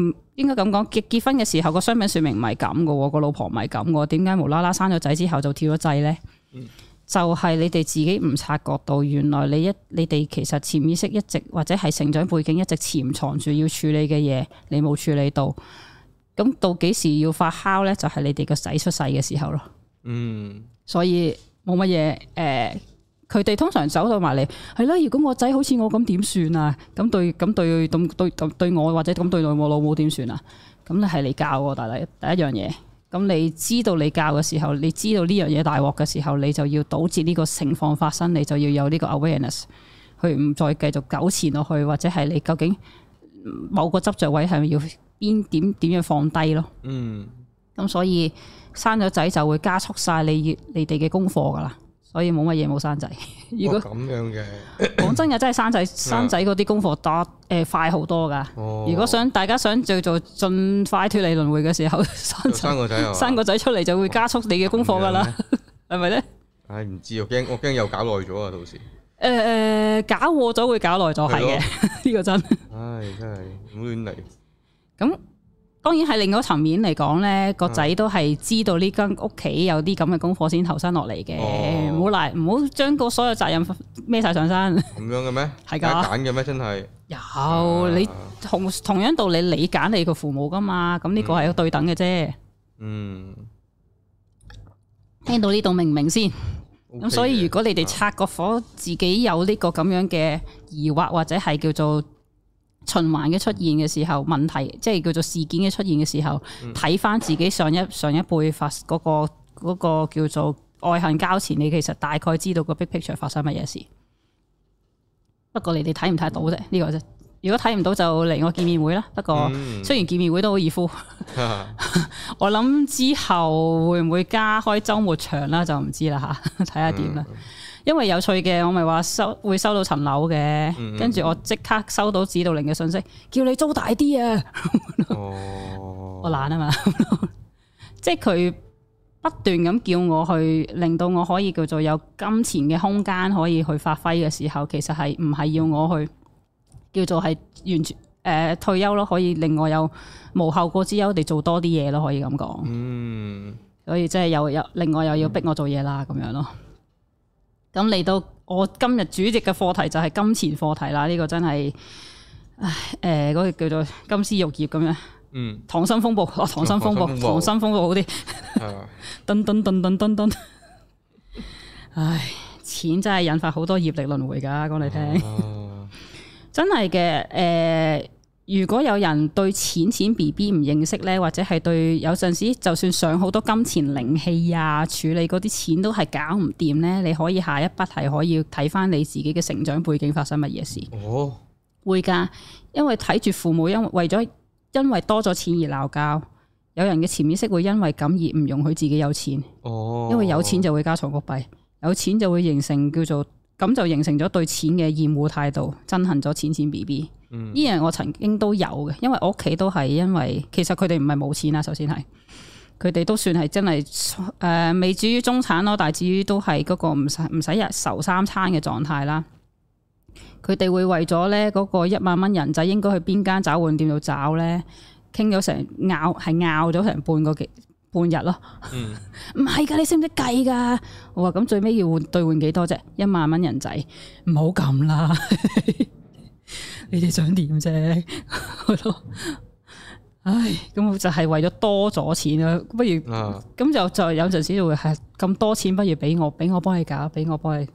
唔應該咁講。結結婚嘅時候個商品說明唔係咁噶，個老婆唔係咁噶，點解無啦啦生咗仔之後就跳咗掣呢？嗯就係你哋自己唔察覺到，原來你一你哋其實潛意識一直或者係成長背景一直潛藏住要處理嘅嘢，你冇處理到，咁到幾時要發酵呢？就係、是、你哋個仔出世嘅時候咯。嗯，所以冇乜嘢誒，佢、呃、哋通常走到埋嚟，係咯。如果我仔好似我咁點算啊？咁對，咁對，咁對，對我或者咁對我老母點算啊？咁就係你教我，但係第一樣嘢。咁你知道你教嘅時候，你知道呢樣嘢大鑊嘅時候，你就要導致呢個情況發生，你就要有呢個 awareness 去唔再繼續糾纏落去，或者係你究竟某個執着位係咪要邊點點樣放低咯？嗯，咁所以生咗仔就會加速晒你你哋嘅功課噶啦。所以冇乜嘢冇生仔。如果咁、哦、樣嘅，講真嘅，真係生仔生仔嗰啲功課打誒快好多噶。哦、如果想大家想就就盡快脫離輪迴嘅時候，生個仔生個仔出嚟就會加速你嘅功課噶啦，係咪咧？唉，唔、 *laughs* 哎、知又驚，我驚又搞耐咗啊！到時誒、呃，搞錯咗會搞耐咗係嘅，呢的 *laughs* 個真。唉、哎，真係唔好亂嚟。咁。當然係另一個層面嚟講咧，個仔都係知道呢間屋企有啲咁嘅功課先投身落嚟嘅，唔好賴，唔好將個所有責任孭晒上身。咁樣嘅咩？係㗎 *laughs* 的。揀嘅咩？真係有、啊、你同同樣道理你揀你個父母㗎嘛？咁呢個係對等嘅啫。嗯。聽到呢度明唔明先？咁、嗯、所以如果你哋拆個火，嗯、自己有呢個咁樣嘅疑惑或者係叫做循環嘅出現嘅時候，問題即係叫做事件嘅出現嘅時候，睇翻自己上一上一輩發嗰、嗰個嗰個叫做愛恨交纏，你其實大概知道個 big picture 發生乜嘢事。不過你哋睇唔睇到啫？呢、嗯、個啫，如果睇唔到就嚟我見面會啦。不過雖然見面會都好易敷，嗯、 *laughs* 我諗之後會唔會加開周末場啦？就唔知啦嚇，睇下點啦。嗯嗯。因為有趣嘅，我咪話收會收到層樓嘅，跟住、mm hmm. 我即刻收到指導令嘅信息，叫你租大啲啊！ *laughs* oh. 我懶啊嘛， *laughs* 即係佢不斷咁叫我去，令到我可以叫做有金錢嘅空間可以去發揮嘅時候，其實係唔係要我去叫做係完全誒、呃、退休咯，可以令我有無後顧之憂地做多啲嘢咯，可以咁講。嗯，mm hmm. 所以即係又又另外又要逼我做嘢啦，咁樣咯。咁嚟到我今日主席嘅課題就係金錢課題啦，呢、這個真係，唉，誒，嗰個叫做金絲玉葉咁樣，嗯，溏心風暴，哦，溏心風暴，溏心風暴好啲，墩墩墩墩墩墩，唉，錢真係引發好多業力輪回噶，講嚟聽，啊、 *laughs* 真係嘅，誒。如果有人對錢錢 B B 唔認識呢，或者係對有陣時就算上好多金錢靈氣呀，處理嗰啲錢都係搞唔掂呢，你可以下一筆係可以睇翻你自己嘅成長背景發生乜嘢事。哦，會噶，因為睇住父母因，因為咗因為多咗錢而鬧交，有人嘅潛意識會因為咁而唔容許自己有錢。哦，因為有錢就會加重個弊，有錢就會形成叫做咁就形成咗對錢嘅厭惡態度，憎恨咗錢錢 B B。呢樣我曾經都有嘅，因為我屋企都係因為其實佢哋唔係冇錢啦，首先係佢哋都算係真係誒未至於中產咯，但至於都係嗰個唔使唔使日愁三餐嘅狀態啦。佢哋會為咗咧嗰個一萬蚊人仔應該去邊間找換店度找咧，傾咗成拗係拗咗成半個幾半日咯。唔係噶，你識唔識計噶？我話咁最尾要換兌換幾多啫？一萬蚊人仔唔好噉啦。這 *laughs* 你哋想點啫？係咯，唉，咁就係為咗多咗錢啊！不如咁就、啊、就有陣時就會係咁多錢，不如俾我俾我幫你搞，俾我幫你，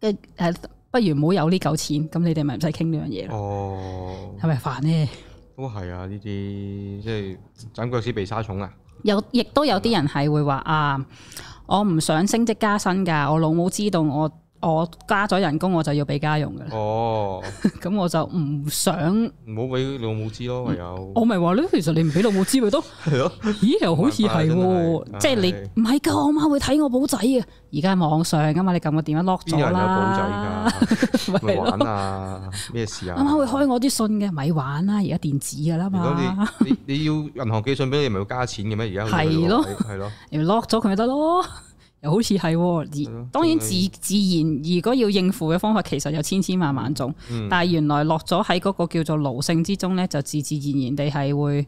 即係，不如唔好有呢嚿錢，咁你哋咪唔使傾呢樣嘢咯。哦，係咪煩呢？是是煩都係啊！呢啲即係斬腳趾避沙蟲啊！有亦都有啲人係會話啊，我唔想升職加薪噶，我老母知道我。我加咗人工，我就要俾家用嘅。哦，咁 *laughs* 我就唔想，唔好俾老母知咯。唯有我咪話你其實你唔俾老母知佢都係咯。 *laughs* *laughs* 的咦？又好似係、哦，即係你唔係噶，我媽會睇我簿仔啊！而家網上噶嘛，你撳個電話 lock 咗啦，咪玩啊？咩事啊？啱啱會開我啲信嘅，咪玩啦！而家電子噶啦嘛 *laughs* ，你要銀行寄信俾你，咪要加錢嘅咩？而家係咯係咯，你 lock 咗佢咪得咯。好似係，當然自自然，如果要應付嘅方法，其實有千千萬萬種。嗯、但係原來落咗喺嗰個叫做奴性之中咧，就自自然然地係會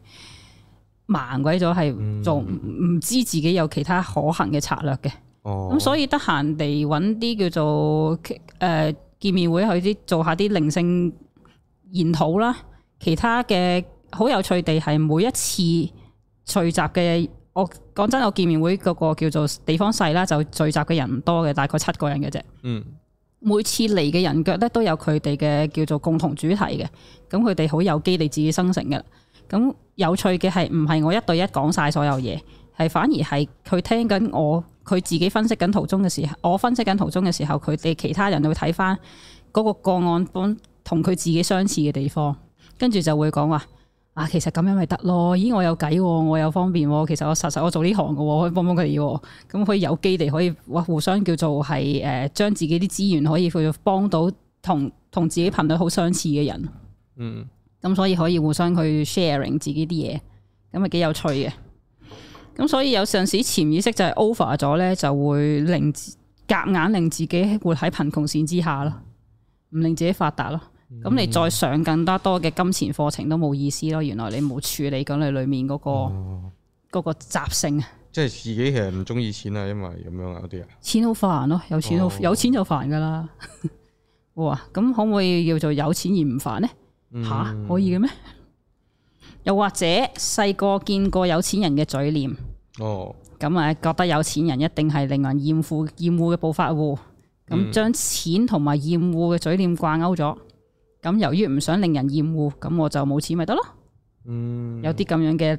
盲鬼咗，係仲唔知自己有其他可行嘅策略嘅。咁、嗯、所以得閒地揾啲叫做誒、呃、見面會去啲做一下啲靈性研討啦，其他嘅好有趣地係每一次聚集嘅。我講真，我見面會嗰個叫做地方細啦，就聚集嘅人唔多嘅，大概七個人嘅啫。嗯，每次嚟嘅人腳咧都有佢哋嘅叫做共同主題嘅，咁佢哋好有機地自己生成嘅。咁有趣嘅係唔係我一對一講晒所有嘢，係反而係佢聽緊我佢自己分析緊途中嘅時候，我分析緊途中嘅時候，佢哋其他人都會睇翻嗰個個案本同佢自己相似嘅地方，跟住就會講話。啊，其實咁樣咪得咯，咦，我有計，我有方便，其實我實實我做呢行嘅，可以幫幫佢哋，咁可以有基地可以，哇，互相叫做係誒、呃，將自己啲資源可以去幫到同同自己頻率好相似嘅人，嗯，咁所以可以互相去 sharing 自己啲嘢，咁咪幾有趣嘅，咁所以有陣時潛意識就係 offer 咗咧，就會令夾硬令自己活喺貧窮線之下咯，唔令自己發達咯。咁、嗯、你再上更加多嘅金錢課程都冇意思咯。原來你冇處理緊你裏面嗰、那個嗰、哦、個習性啊，即係自己其實唔中意錢啊，因為咁樣啊啲啊，錢好煩咯，有錢好、哦、有錢就煩噶啦。 *laughs* 哇，咁可唔可以叫做有錢而唔煩呢？吓、嗯、可以嘅咩？又或者細個見過有錢人嘅嘴臉哦，咁啊覺得有錢人一定係令人厭惡厭惡嘅暴發戶，咁將錢同埋厭惡嘅嘴臉掛鈎咗。咁由於唔想令人厭惡，咁我就冇錢咪得咯。嗯，有啲咁樣嘅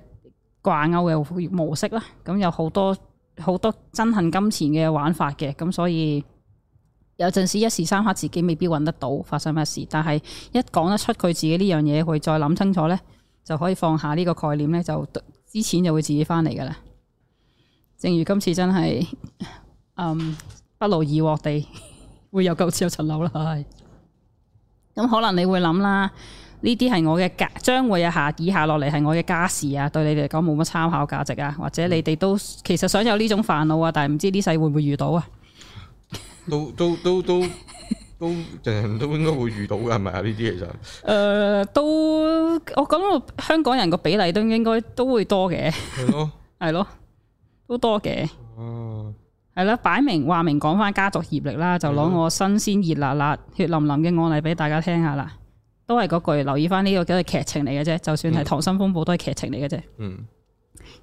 掛鈎嘅模式啦。咁有好多好多憎恨金錢嘅玩法嘅，咁所以有陣時一時三刻自己未必揾得到發生咩事。但係一講得出佢自己呢樣嘢，會再諗清楚呢，就可以放下呢個概念呢就啲錢就會自己翻嚟噶啦。正如今次真係，嗯、不勞而獲地 *laughs* 會有夠次有層樓啦，係。咁可能你會諗啦，呢啲係我嘅家，將會有下以下落嚟係我嘅家事啊，對你哋嚟講冇乜參考價值啊，或者你哋都其實想有呢種煩惱啊，但係唔知呢世會唔會遇到啊？ *laughs* 都都都都都人人都應該會遇到噶，係咪啊？呢啲其實誒，都我覺得香港人個比例都應該都會多嘅，係咯的，係咯， *laughs* 都多嘅。啊係啦，擺明話明講翻家族業力啦，就攞我新鮮熱辣辣、血淋淋嘅案例俾大家聽下啦。都係嗰句，留意翻呢個梗係劇情嚟嘅啫。就算係溏心風暴都係劇情嚟嘅啫。嗯。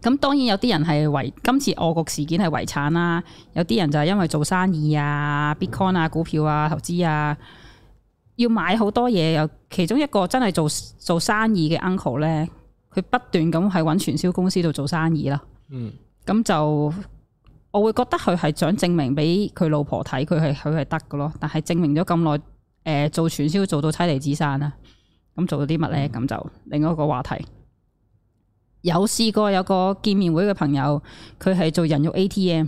咁當然有啲人係遺，今次我局事件係遺產啦。有啲人就係因為做生意啊、bitcoin 啊、股票啊、投資啊，要買好多嘢。有其中一個真係做做生意嘅 uncle 咧，佢不斷咁喺揾傳銷公司度做生意啦、啊。嗯。咁就。我會覺得佢係想證明俾佢老婆睇，佢係佢係得嘅咯。但係證明咗咁耐，誒、呃、做傳銷做到妻離子散啦。咁做咗啲乜呢？咁、嗯、就另一個話題。有試過有個見面會嘅朋友，佢係做人肉 ATM，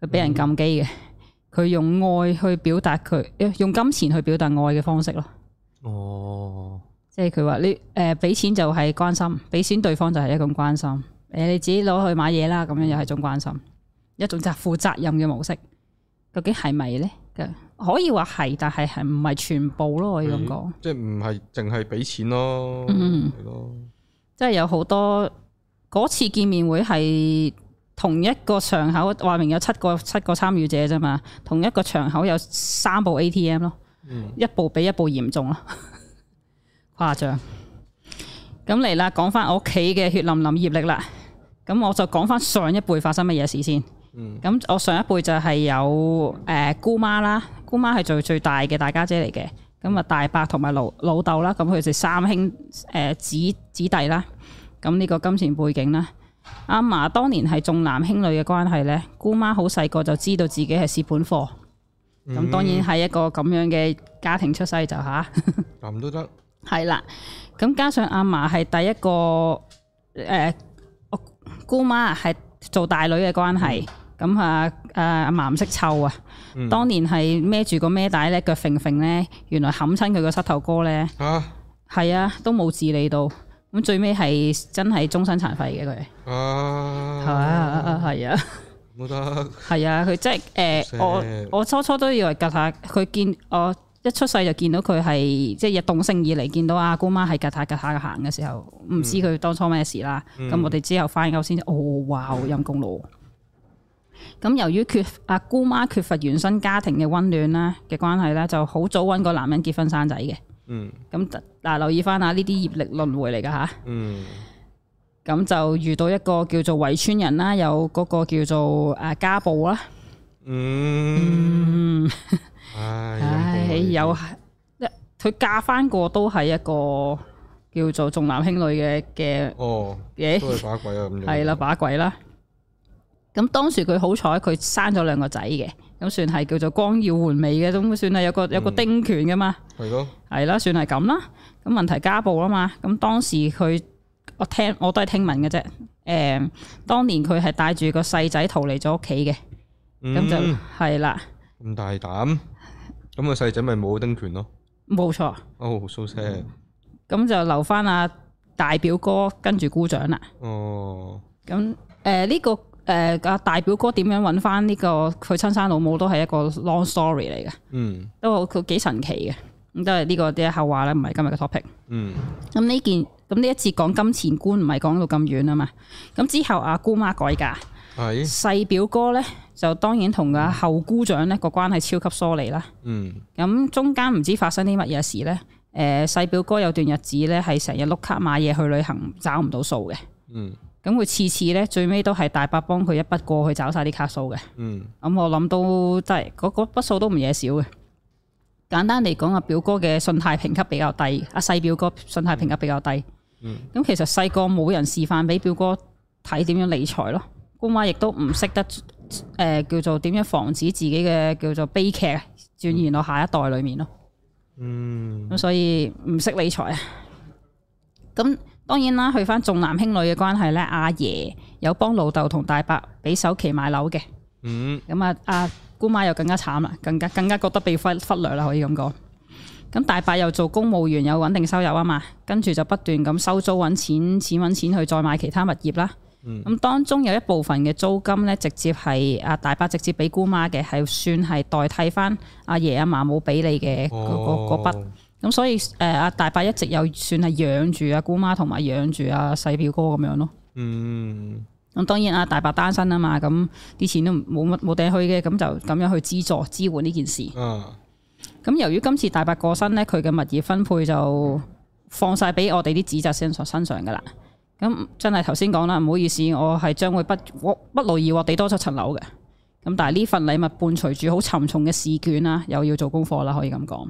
佢俾人撳機嘅。佢、嗯、用愛去表達佢，用金錢去表達愛嘅方式咯。哦，即係佢話你誒俾、呃、錢就係關心，俾錢對方就係一種關心。誒你自己攞去買嘢啦，咁樣又係種關心。一種就係負責任嘅模式，究竟係咪呢？嘅可以話係，但係係唔係全部咯？可以咁講，即係唔係淨係俾錢咯，係、嗯、咯，即係有好多嗰次見面會係同一個場口，話明有七個七個參與者啫嘛。同一個場口有三部 ATM 咯，嗯、一部比一部嚴重咯，誇 *laughs* 張。咁嚟啦，講翻我屋企嘅血淋淋業力啦。咁我就講翻上一輩發生乜嘢事先。咁我上一輩就係有誒姑媽啦，姑媽係做最大嘅大家姐嚟嘅。咁啊大伯同埋老老豆啦，咁佢哋三兄誒、呃、子子弟啦。咁呢個金錢背景啦。阿嫲當年係重男輕女嘅關係呢。姑媽好細個就知道自己係蝕本貨。咁、嗯、當然係一個咁樣嘅家庭出世就吓，咁都得。係 *laughs* 啦，咁加上阿嫲係第一個誒、呃，姑媽係做大女嘅關係。嗯咁啊！阿阿嫲唔識湊啊！當年係孭住個孭帶咧，腳揈揈咧，原來冚親佢個膝頭哥咧，係啊，啊，都冇治理到。咁最尾係真係終身殘廢嘅佢。係啊，係啊，冇得。係啊，佢即係誒，我我初初都以為趷吓，佢見我一出世就見到佢係即係日動性以嚟，見到阿、啊、姑媽係趷吓趷吓嘅行嘅時候，唔知佢當初咩事啦。咁、嗯嗯、我哋之後翻我先，哦，哇！好陰公咯～咁由於缺阿姑媽缺乏原生家庭嘅溫暖啦嘅關係啦，就好早揾個男人結婚生仔嘅。嗯嗯。嗯。咁嗱，留意翻下呢啲業力輪迴嚟㗎吓，嗯。咁就遇到一個叫做圍村人啦，有嗰個叫做誒家暴啦。嗯。唉，唉有佢嫁翻個都係一個叫做重男輕女嘅嘅。哦。嘢。都係把鬼啊係啦， *laughs* 把鬼啦。咁當時佢好彩，佢生咗兩個仔嘅，咁算係叫做光耀門楣嘅，咁算係有個有個丁權噶嘛？係咯，嗯，係啦，算係咁啦。咁問題家暴啊嘛。咁當時佢，我聽我都係聽聞嘅啫。誒、嗯，當年佢係帶住個細仔逃離咗屋企嘅，咁就係啦。咁、嗯、了大膽，咁、那個細仔咪冇丁權咯？冇錯。哦、oh, so 嗯，蘇 Sir。咁就留翻阿大表哥跟住姑丈啦。哦、oh。咁誒呢個？誒、呃，大表哥點樣搵翻呢個佢親生老母都係一個 long story 嚟嘅，嗯，都佢幾神奇嘅，咁都係呢、這個啲後話啦，唔係今日嘅 topic，嗯，咁呢件咁呢一次講金錢觀唔係講到咁遠啊嘛，咁之後阿姑媽改嫁，係細、哎、表哥呢，就當然同阿後姑丈呢個關係超級疏離啦，嗯，咁中間唔知發生啲乜嘢事呢？誒，細表哥有段日子呢，係成日碌卡買嘢去旅行，找唔到數嘅，嗯。咁佢次次咧，最尾都係大伯幫佢一筆過去找晒啲卡數嘅。嗯。咁我諗都真係嗰嗰筆數都唔嘢少嘅。簡單嚟講啊，表哥嘅信貸評級比較低，阿、啊、細表哥信貸評級比較低。嗯。咁其實細個冇人示範俾表哥睇點樣理財咯，姑媽亦都唔識得誒、呃、叫做點樣防止自己嘅叫做悲劇，轉移到下一代裏面咯。嗯。咁所以唔識理財啊。咁、嗯。當然啦，去翻，重男輕女嘅關係呢，阿爺有幫老豆同大伯俾首期買樓嘅，咁啊阿姑媽又更加慘啦，更加更加覺得被忽忽略啦，可以咁講。咁大伯又做公務員，有穩定收入啊嘛，跟住就不斷咁收租揾錢，錢揾錢去再買其他物業啦。咁、嗯、當中有一部分嘅租金呢，直接係阿大伯直接俾姑媽嘅，係算係代替翻阿爺阿嫲冇俾你嘅嗰筆、嗰個。哦咁所以，誒阿大伯一直又算係養住阿姑媽同埋養住阿細表哥咁樣咯。嗯。咁當然阿大伯單身啊嘛，咁啲錢都冇乜冇埞去嘅，咁就咁樣去資助支援呢件事。咁、啊、由於今次大伯過身呢，佢嘅物業分配就放晒俾我哋啲子侄身身上噶啦。咁真係頭先講啦，唔好意思，我係將會不我不勞而獲地多出層樓嘅。咁但係呢份禮物伴隨住好沉重嘅試卷啊，又要做功課啦，可以咁講。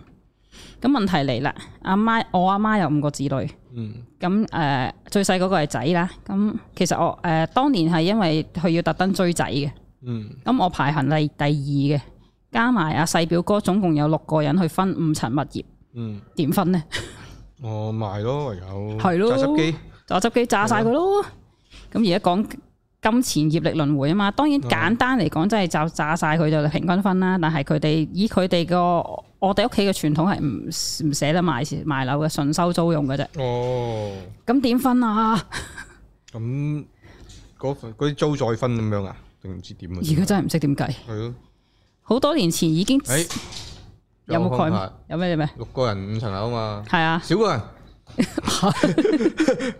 咁問題嚟啦，阿媽，我阿媽有五個子女，咁誒、嗯、最細嗰個係仔啦。咁其實我誒當年係因為佢要特登追仔嘅，咁、嗯、我排行第第二嘅，加埋阿細表哥總共有六個人去分五層物業，點、嗯、分呢？我賣咯，唯有榨汁機，榨汁機炸晒佢咯。咁而家講金錢業力輪迴啊嘛，當然簡單嚟講，真係就炸晒佢就平均分啦。嗯、但係佢哋以佢哋個。我哋屋企嘅傳統係唔唔捨得賣賣樓嘅，純收租用嘅啫。哦，咁點分啊？咁嗰啲租再分咁樣啊？定唔知點啊？而家真係唔識點計。係咯，好多年前已經誒，有冇概念？有咩有咩？六個人五層樓嘛。係啊，少個人。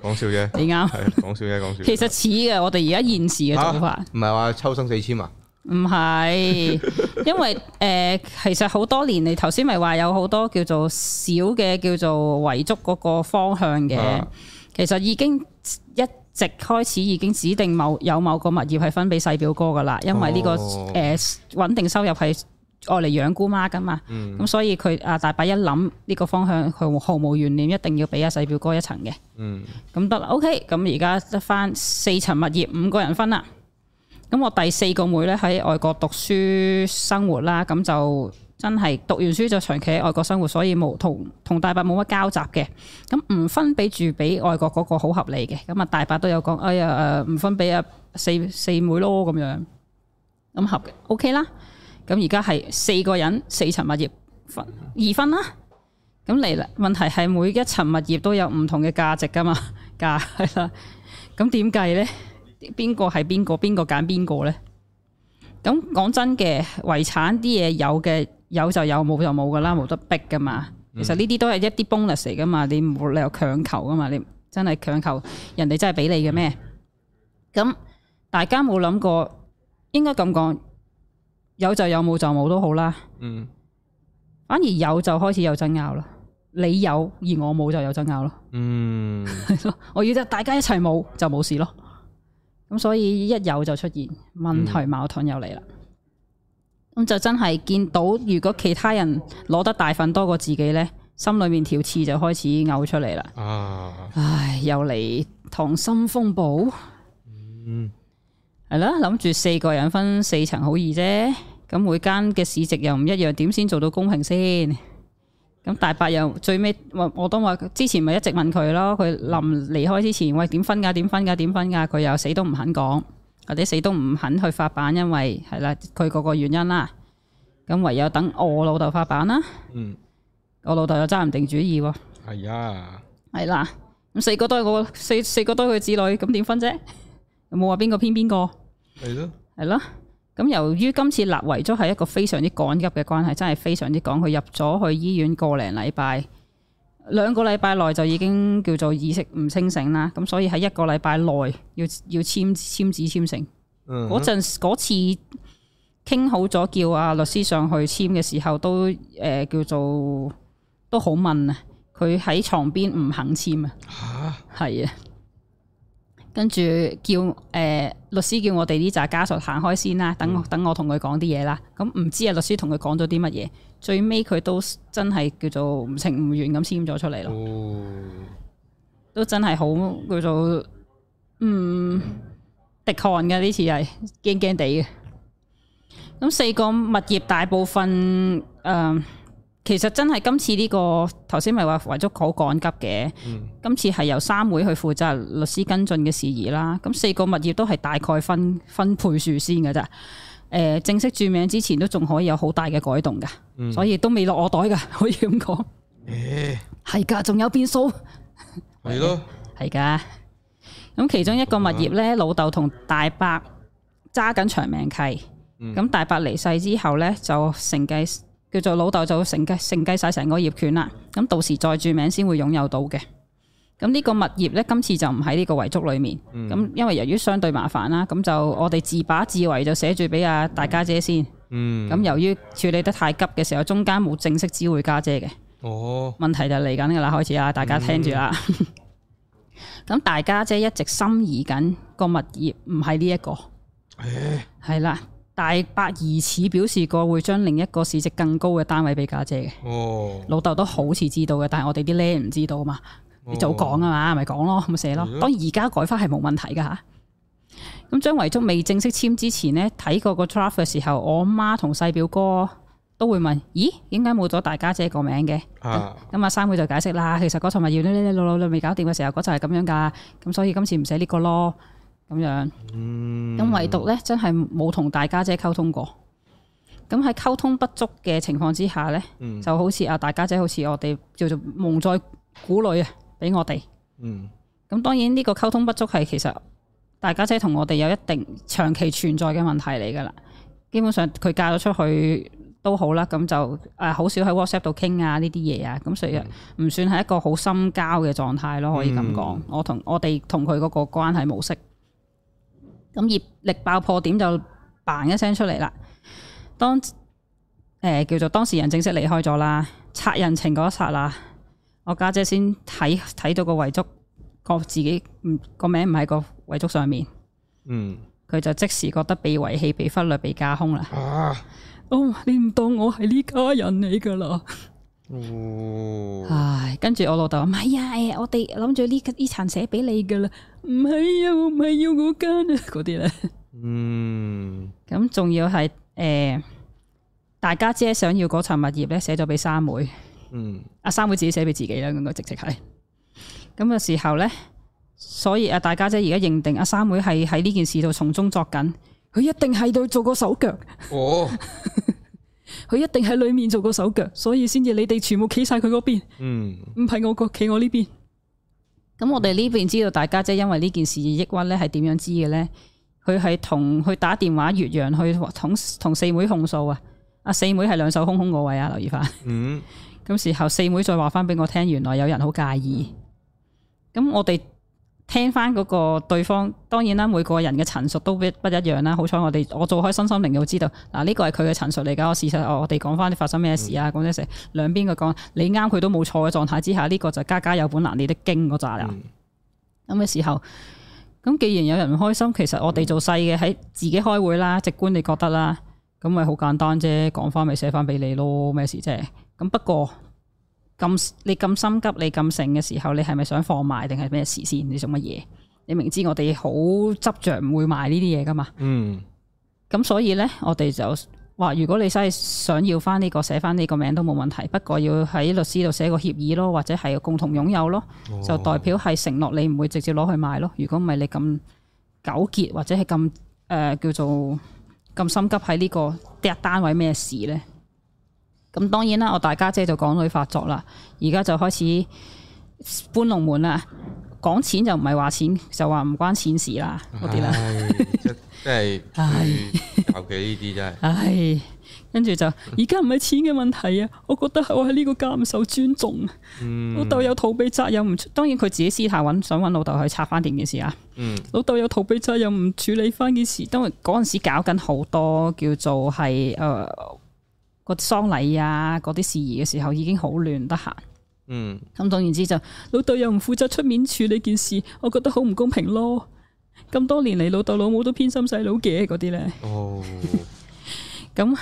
講笑啫。你啱。係講笑啫，講笑。其實似嘅，我哋而家現時嘅做法。唔係話秋生四千嘛？唔係，因為誒、呃，其實好多年嚟，頭先咪話有好多叫做小嘅叫做遺囑嗰個方向嘅，啊、其實已經一直開始已經指定某有某個物業係分俾細表哥噶啦，因為呢、這個誒穩、哦呃、定收入係愛嚟養姑媽噶嘛，咁、嗯、所以佢阿大伯一諗呢個方向，佢毫無懸念一定要俾阿細表哥一層嘅，咁得啦，OK，咁而家得返四層物業五個人分啦。咁我第四個妹咧，喺外國讀書生活啦，咁就真係讀完書就長期喺外國生活，所以冇同同大伯冇乜交集嘅。咁唔分俾住俾外國嗰個好合理嘅，咁啊大伯都有講，哎呀，呃，唔分俾啊四四妹咯咁樣，咁合嘅，OK 啦。咁而家係四個人四層物業分二分啦，咁嚟啦。問題係每一層物業都有唔同嘅價值噶嘛，價係啦。咁點計呢？邊個係邊個？邊個揀邊個呢？咁講真嘅，遺產啲嘢，有嘅有就有，冇就冇噶啦，冇得逼噶嘛。其實呢啲都係一啲 bonus 嚟噶嘛，你冇理由強求噶嘛。你真係強求人哋真係俾你嘅咩？咁大家冇諗過，應該咁講，有就有，冇就冇都好啦。嗯。反而有就開始有爭拗啦。你有而我冇就有爭拗咯。嗯。 *laughs* 我要大家一齊冇就冇事咯。咁所以一有就出現問題，矛盾又嚟啦。咁、嗯、就真係見到，如果其他人攞得大份多過自己呢，心裏面條刺就開始嘔出嚟啦。啊、唉，又嚟溏心風暴。係啦、嗯，諗住四個人分四層好易啫。咁每間嘅市值又唔一樣，點先做到公平先？咁大伯又最尾我我都話，之前咪一直問佢咯，佢臨離開之前，喂，點分噶？點分噶？點分噶？佢又死都唔肯講，或者死都唔肯去發版，因為係啦，佢嗰個原因啦。咁唯有等我老豆發版啦。嗯。我老豆又揸唔定主意喎。係啊、哎呀。係啦，咁四個都係我四四個都係佢子女，咁點分啫？又有冇話邊個偏邊個？係咯的。係咯。咁由於今次立遺囑係一個非常之趕急嘅關係，真係非常之趕，佢入咗去醫院個零禮拜，兩個禮拜內就已經叫做意識唔清醒啦。咁所以喺一個禮拜內要要簽簽紙簽成。嗯哼。嗰陣時，嗰次傾好咗，叫阿律師上去簽嘅時候，都誒、呃、叫做都好問啊。佢喺床邊唔肯簽啊。嚇蛤！係啊。跟住叫誒、呃、律師叫我哋呢紮家屬行開先啦，等我等我同佢講啲嘢啦。咁唔知啊，律師同佢講咗啲乜嘢？最尾佢都真係叫做唔情唔願咁簽咗出嚟咯，哦、都真係好叫做嗯滴汗嘅，呢次係驚驚地嘅。咁四個物業大部分誒。呃其實真係今次呢、這個頭先咪話為咗好趕急嘅，嗯、今次係由三會去負責律師跟進嘅事宜啦。咁四個物業都係大概分分配數先嘅咋誒，正式轉名之前都仲可以有好大嘅改動噶，嗯、所以都未落我袋噶，可以咁講。係噶、欸，仲有變數。係咯的，係噶。咁其中一個物業呢，老豆同大伯揸緊長命契。咁、嗯、大伯離世之後呢，就承繼。叫做老豆就承繼承繼晒成個業權啦，咁到時再註名先會擁有到嘅。咁、這、呢個物業呢，今次就唔喺呢個遺囑裏面。咁、嗯、因為由於相對麻煩啦，咁就我哋自把自為就寫住俾阿大家姐先。咁、嗯、由於處理得太急嘅時候，中間冇正式知會家姐嘅。哦，問題就嚟緊噶啦，開始啦，大家聽住啦。咁、嗯、 *laughs* 大家姐一直心儀緊個物業唔係呢一個，係啦、欸。大伯疑似表示過會將另一個市值更高嘅單位俾家姐嘅，oh. 老豆都好似知道嘅，但係我哋啲僆唔知道嘛，oh. 你早講啊嘛，咪講咯，咪寫咯。Oh. 當而家改翻係冇問題㗎吓。咁 Yeah. 張遺囑未正式簽之前呢，睇過個 draft 嘅時候，我媽同細表哥都會問：咦，點解冇咗大家姐個名嘅？咁阿三妹就解釋啦，其實嗰層咪要你，你呢老老你未搞掂嘅時候，嗰層係咁樣噶，咁所以今次唔寫呢個咯。咁樣，咁、嗯、唯獨咧真係冇同大家姐溝通過，咁喺溝通不足嘅情況之下咧，嗯、就好似阿大家姐好似我哋叫做蒙在鼓裏啊，俾我哋。咁、嗯、當然呢個溝通不足係其實大家姐同我哋有一定長期存在嘅問題嚟噶啦。基本上佢嫁咗出去都好啦，咁就誒，好少喺 WhatsApp 度傾啊呢啲嘢啊，咁所以唔算係一個好深交嘅狀態咯，可以咁講。嗯、我同我哋同佢嗰個關係模式。咁業力爆破點就 bang 一聲出嚟啦。當誒、呃、叫做當事人正式離開咗啦，擦人情嗰一剎啦，我家姐，姐先睇睇到個遺囑，覺自己唔個名唔喺個遺囑上面。嗯，佢就即時覺得被遺棄、被忽略、被架空啦。啊，哦，你唔當我係呢家人嚟噶啦。哦，唉，跟住我老豆話唔係啊，誒，我哋諗住呢呢層寫俾你噶啦，唔係啊，唔係要我間啊，嗰啲咧，嗯，咁仲要係誒，大家姐想要嗰層物業咧，寫咗俾三妹，嗯，阿三妹自己寫俾自己啦，應該直直係，咁嘅時候咧，所以阿大家姐而家認定阿三妹係喺呢件事度從中作梗，佢一定係度做過手腳，哦。佢一定喺裏面做過手腳，所以先至你哋全部企晒佢嗰邊。嗯，唔係我個，企我呢邊。咁、嗯、我哋呢邊知道大家姐因為呢件事抑鬱咧，係點樣知嘅咧？佢係同佢打電話越，越洋去同同四妹控訴啊！阿四妹係兩手空空個位啊，劉以凡。嗯。咁 *laughs* 時候四妹再話翻俾我聽，原來有人好介意。咁我哋。聽翻嗰個對方，當然啦，每個人嘅陳述都不一樣啦。好彩我哋我做開身心靈要知道，嗱、啊、呢、這個係佢嘅陳述嚟噶。事實、哦、我哋講翻啲發生咩事啊，講啲成兩邊嘅講，你啱佢都冇錯嘅狀態之下，呢個就家家有本難念的經嗰咋啦。咁嘅時候，咁既然有人唔開心，其實我哋做細嘅喺自己開會啦，直觀你覺得啦，咁咪好簡單啫，講翻咪寫翻俾你咯，咩事啫？咁不過。咁你咁心急，你咁成嘅時候，你係咪想放賣定係咩事先？你做乜嘢？你明知我哋好執着，唔會賣呢啲嘢噶嘛？嗯。咁所以呢，我哋就話，如果你真係想要翻呢個，寫翻呢個名都冇問題。不過要喺律師度寫個協議咯，或者係共同擁有咯，就代表係承諾你唔會直接攞去賣咯。如果唔係你咁糾結，或者係咁誒叫做咁心急喺呢個呢單位咩事呢？咁當然啦，我大家姐，姐就港女發作啦，而家就開始搬龍門啦。講錢就唔係話錢，就話唔關錢事啦。嗰啲啦，即係尤其呢啲真係。唉，跟住就而家唔係錢嘅問題啊！我覺得我喺呢個家唔受尊重、嗯、老豆有逃避責任唔，當然佢自己私下想揾老豆去拆翻掂件事啊。嗯、老豆有逃避責任唔處理翻件事，因為嗰陣時搞緊好多叫做係誒。呃呃個喪禮啊，嗰啲事宜嘅時候已經好亂，得閒。嗯，咁總言之就老豆又唔負責出面處理件事，我覺得好唔公平咯。咁多年嚟，老豆老母都偏心細佬嘅嗰啲咧。哦，咁 *laughs*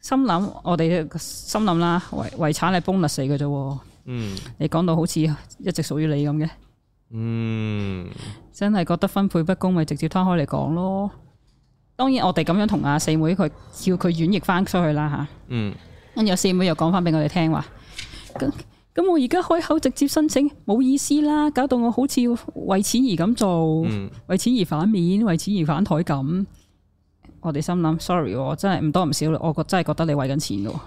心諗，我哋心諗啦，遺遺產係 bonus 嚟嘅啫。嗯，你講到好似一直屬於你咁嘅，嗯，真係覺得分配不公，咪直接攤開嚟講咯。當然，我哋咁樣同阿四妹佢叫佢婉逆翻出去啦吓。嗯，跟住四妹又講翻俾我哋聽話，咁咁我而家開口直接申請，冇意思啦，搞到我好似要為錢而咁做，嗯、為錢而反面，為錢而反台咁。我哋心諗，sorry，我真係唔多唔少咯，我真係覺得你為緊錢噶，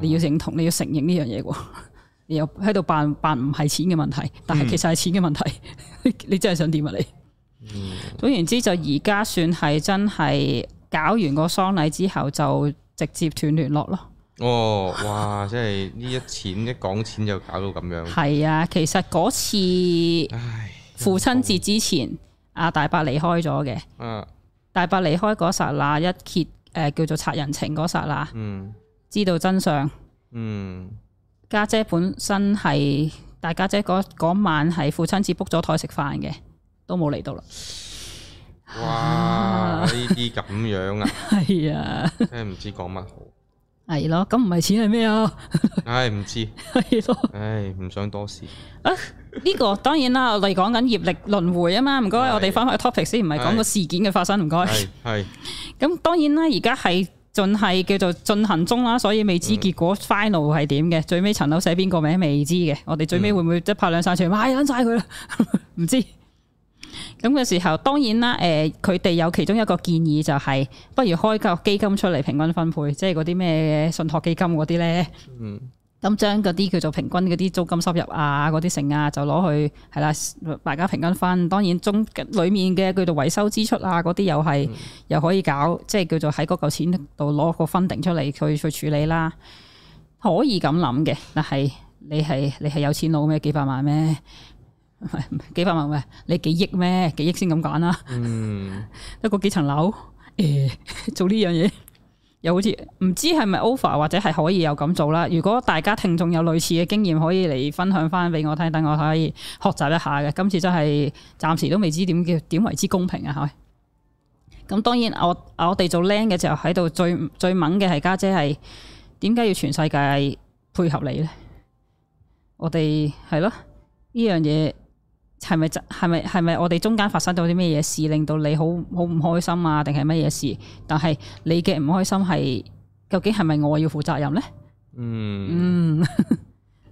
你要認同，你要承認呢樣嘢，你又喺度扮扮唔係錢嘅問題，但係其實係錢嘅問題，嗯、 *laughs* 你真係想點啊你？嗯、總言之，就而家算係真係搞完個喪禮之後，就直接斷聯絡咯。哦，哇！即係呢一錢 *laughs* 一講錢就搞到咁樣。係啊，其實嗰次唉父親節之前，阿唉大伯離開咗嘅。啊、大伯離開嗰剎那一，一揭、呃、叫做拆人情嗰剎那，嗯，知道真相。嗯。家姐，姐本身係大家姐，嗰晚係父親節 book 咗台食飯嘅。都冇嚟到啦！哇，呢啲咁樣啊，係啊，真係唔知講乜好。係咯，咁唔係錢係咩啊？唉、哎，唔知。係咯，唉，哎，唔想多事。啊，呢個當然啦，我哋講緊業力輪迴啊嘛。唔該，我哋翻翻 topic 先，唔係講個事件嘅發生。唔該。係。咁當然啦，而家係仲係叫做進行中啦，所以未知結果 final 係點嘅。嗯、最尾層樓寫邊個名未知嘅，我哋最尾會唔會即係拍兩散出嚟賣晒佢啦？唔知。咁嘅時候，當然啦，誒，佢哋有其中一個建議就係，不如開個基金出嚟平均分配，即係嗰啲咩信託基金嗰啲咧。嗯。咁將嗰啲叫做平均嗰啲租金收入啊，嗰啲成啊，就攞去係啦、啊，大家平均分。當然中裏面嘅叫做維修支出啊，嗰啲又係、嗯、又可以搞，即係叫做喺嗰嚿錢度攞個分定出嚟去去處理啦。可以咁諗嘅，但係你係你係有錢佬咩？幾百萬咩？係幾百萬咪？你幾億咩？幾億先咁揀啦。嗯，得嗰幾層樓，誒、欸，做呢樣嘢，又好似唔知係咪 offer 或者係可以又咁做啦。如果大家聽眾有類似嘅經驗，可以嚟分享翻俾我聽，等我可以學習一下嘅。今次真係暫時都未知點叫點為之公平啊。係、欸。咁當然，我我哋做靚嘅時候喺度最最猛嘅係家姐係，點解要全世界配合你呢？我哋係咯，呢樣嘢。係咪係咪係咪我哋中間發生咗啲咩嘢事，令到你好好唔開心啊？定係乜嘢事？但係你嘅唔開心係究竟係咪我要負責任呢？嗯嗯，呢、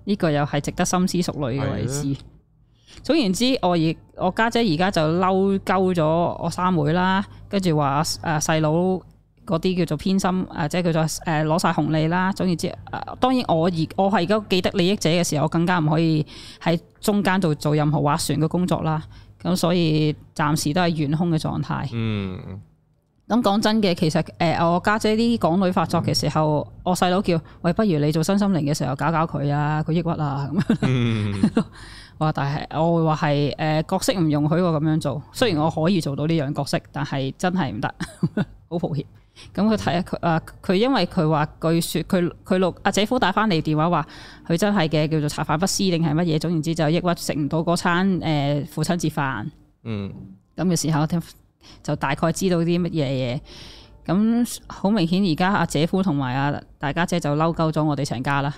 嗯、 *laughs* 個又係值得深思熟慮嘅位置。的總言之，我亦我家姐而家就嬲鳩咗我三妹啦，跟住話啊細佬。弟弟嗰啲叫做偏心，啊，即係叫做誒，攞、呃、晒紅利啦。總之之、啊，當然我而我係而家既得利益者嘅時候，我更加唔可以喺中間度做任何劃船嘅工作啦。咁、啊、所以暫時都係懸空嘅狀態。嗯，咁講真嘅，其實誒、呃，我家姐啲港女發作嘅時候，我細佬叫喂，不如你做身心靈嘅時候搞搞佢啊，佢抑鬱啊咁樣，我話，但係我會話係誒角色唔容許我咁樣做，雖然我可以做到呢樣角色，但係真係唔得，好 *laughs* 抱歉。咁佢睇下佢啊佢因為佢話據説佢佢六阿姐夫打翻嚟電話話佢真係嘅叫做茶飯不思定係乜嘢總言之就抑鬱食唔到嗰餐誒父親節飯嗯咁嘅時候就大概知道啲乜嘢嘢咁好明顯而家阿姐夫同埋阿大家姐就嬲鳩咗我哋成家啦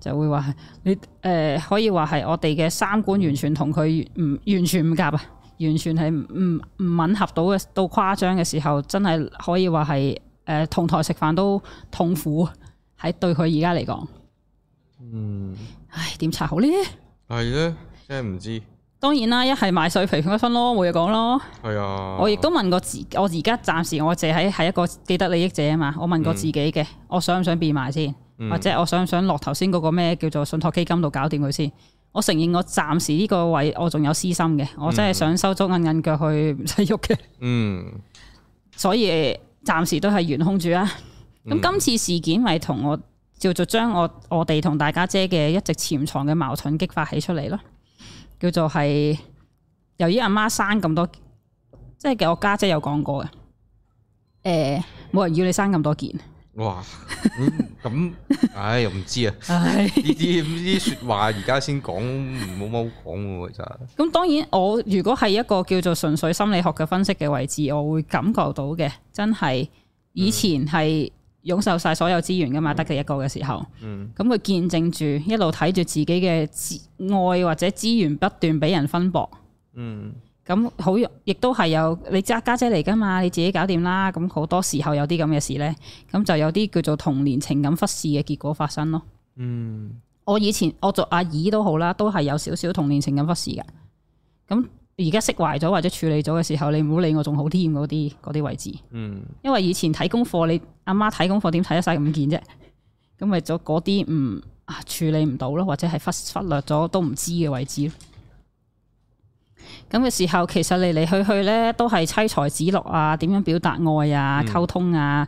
就會話你誒、呃、可以話係我哋嘅三觀完全同佢唔完全唔夾啊！完全係唔唔吻合到嘅，到誇張嘅時候，真係可以話係誒同台食飯都痛苦。喺對佢而家嚟講，嗯，唉，點查好呢？係咧，真係唔知。當然啦，一係賣水皮分一分咯，冇嘢講咯。係啊呀，我亦都問過自，我而家暫時我淨係係一個既得利益者啊嘛。我問過自己嘅，嗯、我想唔想變賣先，嗯、或者我想唔想落頭先嗰個咩叫做信託基金度搞掂佢先。.我承認我暫時呢個位我仲有私心嘅，嗯、我真係想收足印印腳去唔使喐嘅。嗯， *laughs* 所以暫時都係懸空住啦、啊。咁今、嗯、次事件咪同我叫做將我我哋同大家姐嘅一直潛藏嘅矛盾激發起出嚟咯，叫做係由於阿媽生咁多，即係我家姐，姐有講過嘅，誒、呃，冇人要你生咁多件。哇，咁、嗯，唉，又唔知啊！呢啲呢啲說話而家先講，冇乜 *laughs* 好講嘅喎，其實。咁當然我，我如果係一個叫做純粹心理學嘅分析嘅位置，我會感覺到嘅，真係以前係擁受晒所有資源嘅嘛，得佢、嗯、一個嘅時候。嗯。咁佢見證住一路睇住自己嘅愛或者資源不斷俾人分薄。嗯。咁好，亦都係有你家家姐嚟㗎嘛，你自己搞掂啦。咁好多時候有啲咁嘅事咧，咁就有啲叫做童年情感忽視嘅結果發生咯。嗯，我以前我做阿姨都好啦，都係有少少童年情感忽視嘅。咁而家釋懷咗或者處理咗嘅時候，你唔好理我仲好添嗰啲嗰啲位置。嗯，因為以前睇功課，你阿媽睇功課點睇得晒五件啫？咁咪咗嗰啲唔啊處理唔到咯，或者係忽忽略咗都唔知嘅位置。咁嘅時候，其實嚟嚟去去咧，都係妻財子祿啊，點樣表達愛啊、溝通啊、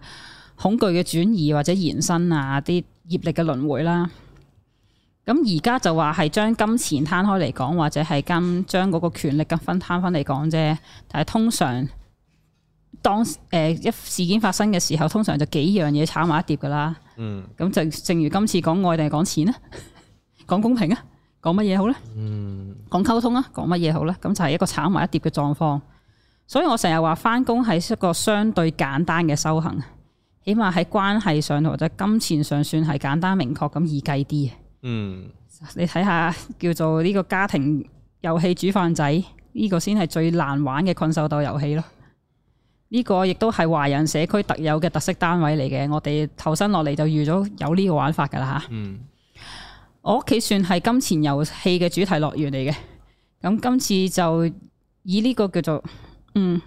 恐懼嘅轉移或者延伸啊，啲業力嘅輪回啦。咁而家就話係將金錢攤開嚟講，或者係將將嗰個權力嘅分攤翻嚟講啫。但係通常當誒一、呃、事件發生嘅時候，通常就幾樣嘢炒埋一碟噶啦。嗯，咁就正如今次講愛定係講錢咧、啊，講公平啊？講乜嘢好咧？講溝通啊！講乜嘢好咧？咁就係一個炒埋一碟嘅狀況。所以我成日話翻工係一個相對簡單嘅修行，起碼喺關係上或者金錢上算係簡單明確咁易計啲嘅。嗯，你睇下叫做呢個家庭遊戲煮飯仔，呢個先係最難玩嘅困獸鬥遊戲咯。呢個亦都係華人社區特有嘅特色單位嚟嘅。我哋投身落嚟就預咗有呢個玩法噶啦嚇。嗯。我屋企算係金錢遊戲嘅主題樂園嚟嘅。咁今次就以呢個叫做，嗯，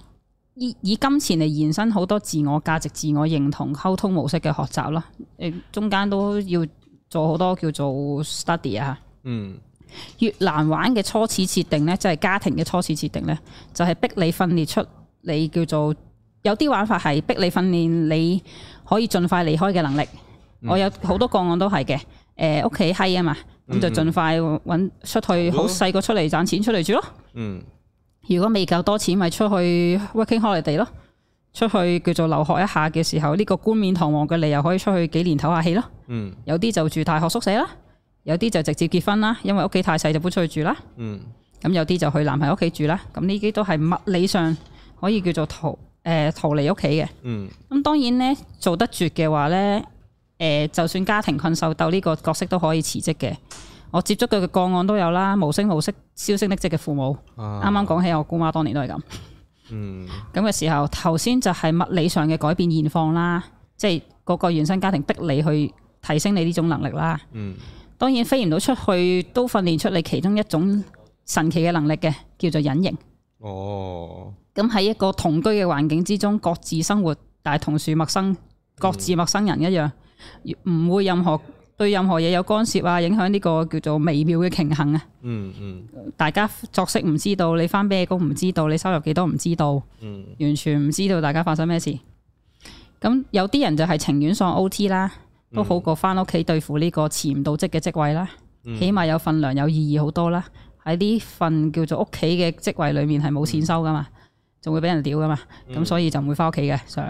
以以金錢嚟延伸好多自我價值、自我認同、溝通模式嘅學習咯。誒，中間都要做好多叫做 study 啊。越難玩嘅初始設定呢，即係家庭嘅初始設定呢，就係逼你訓練出你叫做，有啲玩法係逼你訓練你可以盡快離開嘅能力。我有好多個案都係嘅。誒，屋企閪啊嘛，咁、嗯、就盡快揾出去，好細、嗯、個出嚟賺錢出嚟住咯。嗯，如果未夠多錢，咪出去 working holiday 咯。出去叫做留學一下嘅時候，呢、這個冠冕堂皇嘅理由你又可以出去幾年唞下氣咯。嗯，有啲就住大學宿舍啦，有啲就直接結婚啦，因為屋企太細就搬出去住啦。嗯，咁有啲就去男朋友屋企住啦。咁呢啲都係物理上可以叫做逃，誒、呃、逃離屋企嘅。嗯，咁、嗯、當然咧做得絕嘅話咧。誒、呃，就算家庭困獸鬥呢個角色都可以辭職嘅。我接觸佢嘅個案都有啦，無聲無息消息消失匿跡嘅父母。啱啱講起，我姑媽當年都係咁。嗯。咁嘅時候，頭先就係物理上嘅改變現況啦，即係個個原生家庭逼你去提升你呢種能力啦。嗯。當然飛唔到出去都訓練出你其中一種神奇嘅能力嘅，叫做隱形。哦。咁喺一個同居嘅環境之中，各自生活，但係同處陌生，各自陌生人一樣。嗯嗯唔會任何對任何嘢有干涉啊，影響呢個叫做微妙嘅平衡啊。嗯嗯，嗯，大家作息唔知道，你翻咩工唔知道，你收入幾多唔知道，嗯、完全唔知道大家發生咩事。咁有啲人就係情願上 O T 啦，都好過翻屋企對付呢個辭唔到職嘅職位啦。嗯、起碼有份糧有意義好多啦。喺呢份叫做屋企嘅職位裏面係冇錢收噶嘛，仲、嗯、會俾人屌噶嘛。咁、嗯、所以就唔會翻屋企嘅想。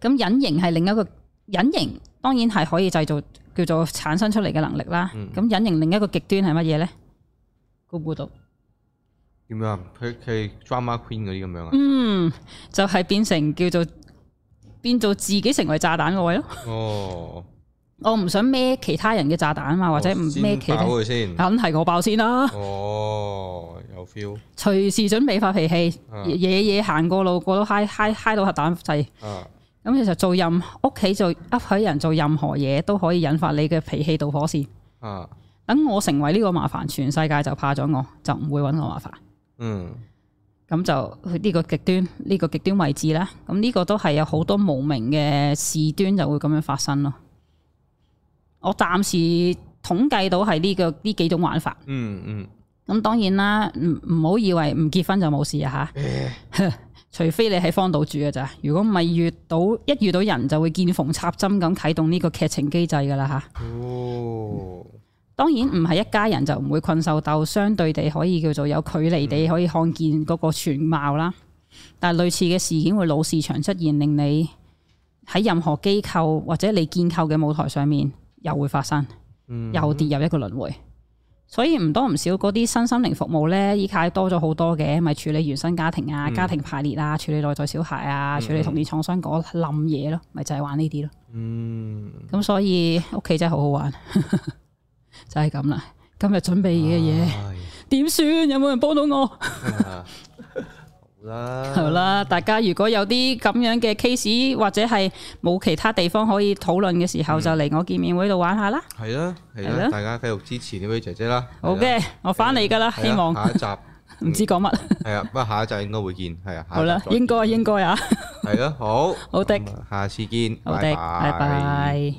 咁隱形係另一個。隱形當然係可以製造，叫做產生出嚟嘅，能力啦。咁隱、嗯、形另一個極端係乜嘢咧？估唔估到？點樣啊？佢佢 drama queen 嗰啲咁樣啊？嗯，就係、是、變成叫做變做自己成為炸彈個位咯。哦，我唔想孭其他人嘅炸彈啊嘛，或者唔孭其他，先爆佢先。梗係我先爆先啦。哦，有 feel。隨時準備發脾氣，夜夜行過路，過都嗨嗨嗨到核彈掣。咁其實做任屋企做呃伙，人做任何嘢都可以引發你嘅脾氣導火線。啊！等我成為呢個麻煩，全世界就怕咗我，就唔會搵我麻煩。嗯，咁就呢個極端，呢個極端位置啦。咁呢個都係有好多無名嘅事端就會咁樣發生咯。我暫時統計到係呢個呢幾種玩法。嗯嗯。咁當然啦，唔唔好以為唔結婚就冇事啊吓。除非你喺荒島住嘅咋，如果唔係遇到一遇到人就會見縫插針咁啟動呢個劇情機制嘅啦吓，哦，當然唔係一家人就唔會困獸鬥，相對地可以叫做有距離地可以看見嗰個全貌啦。嗯、但係類似嘅事件會老市場出現，令你喺任何機構或者你建構嘅舞台上面又會發生，嗯、又跌入一個輪迴。所以唔多唔少嗰啲新心靈服務呢，依家多咗好多嘅，咪、就是、處理原生家庭啊、嗯、家庭排列啊、處理內在小孩啊、處理童年創傷嗰冧嘢咯，咪就係玩呢啲咯。嗯，咁、嗯、所以屋企真係好好玩， *laughs* 就係咁啦。今日準備嘅嘢點算？有冇人幫到我？ *laughs* 好啦，好啦，大家如果有啲咁樣嘅 case，或者係冇其他地方可以討論嘅時候，就嚟我見面會度玩下啦。係咯，係咯，大家繼續支持呢位姐姐啦。好嘅，我翻嚟噶啦，希望下一集唔知講乜。係啊，不過下一集應該會見，係啊。好啦，應該應該啊。係咯，好好的，下次見，好的，拜拜。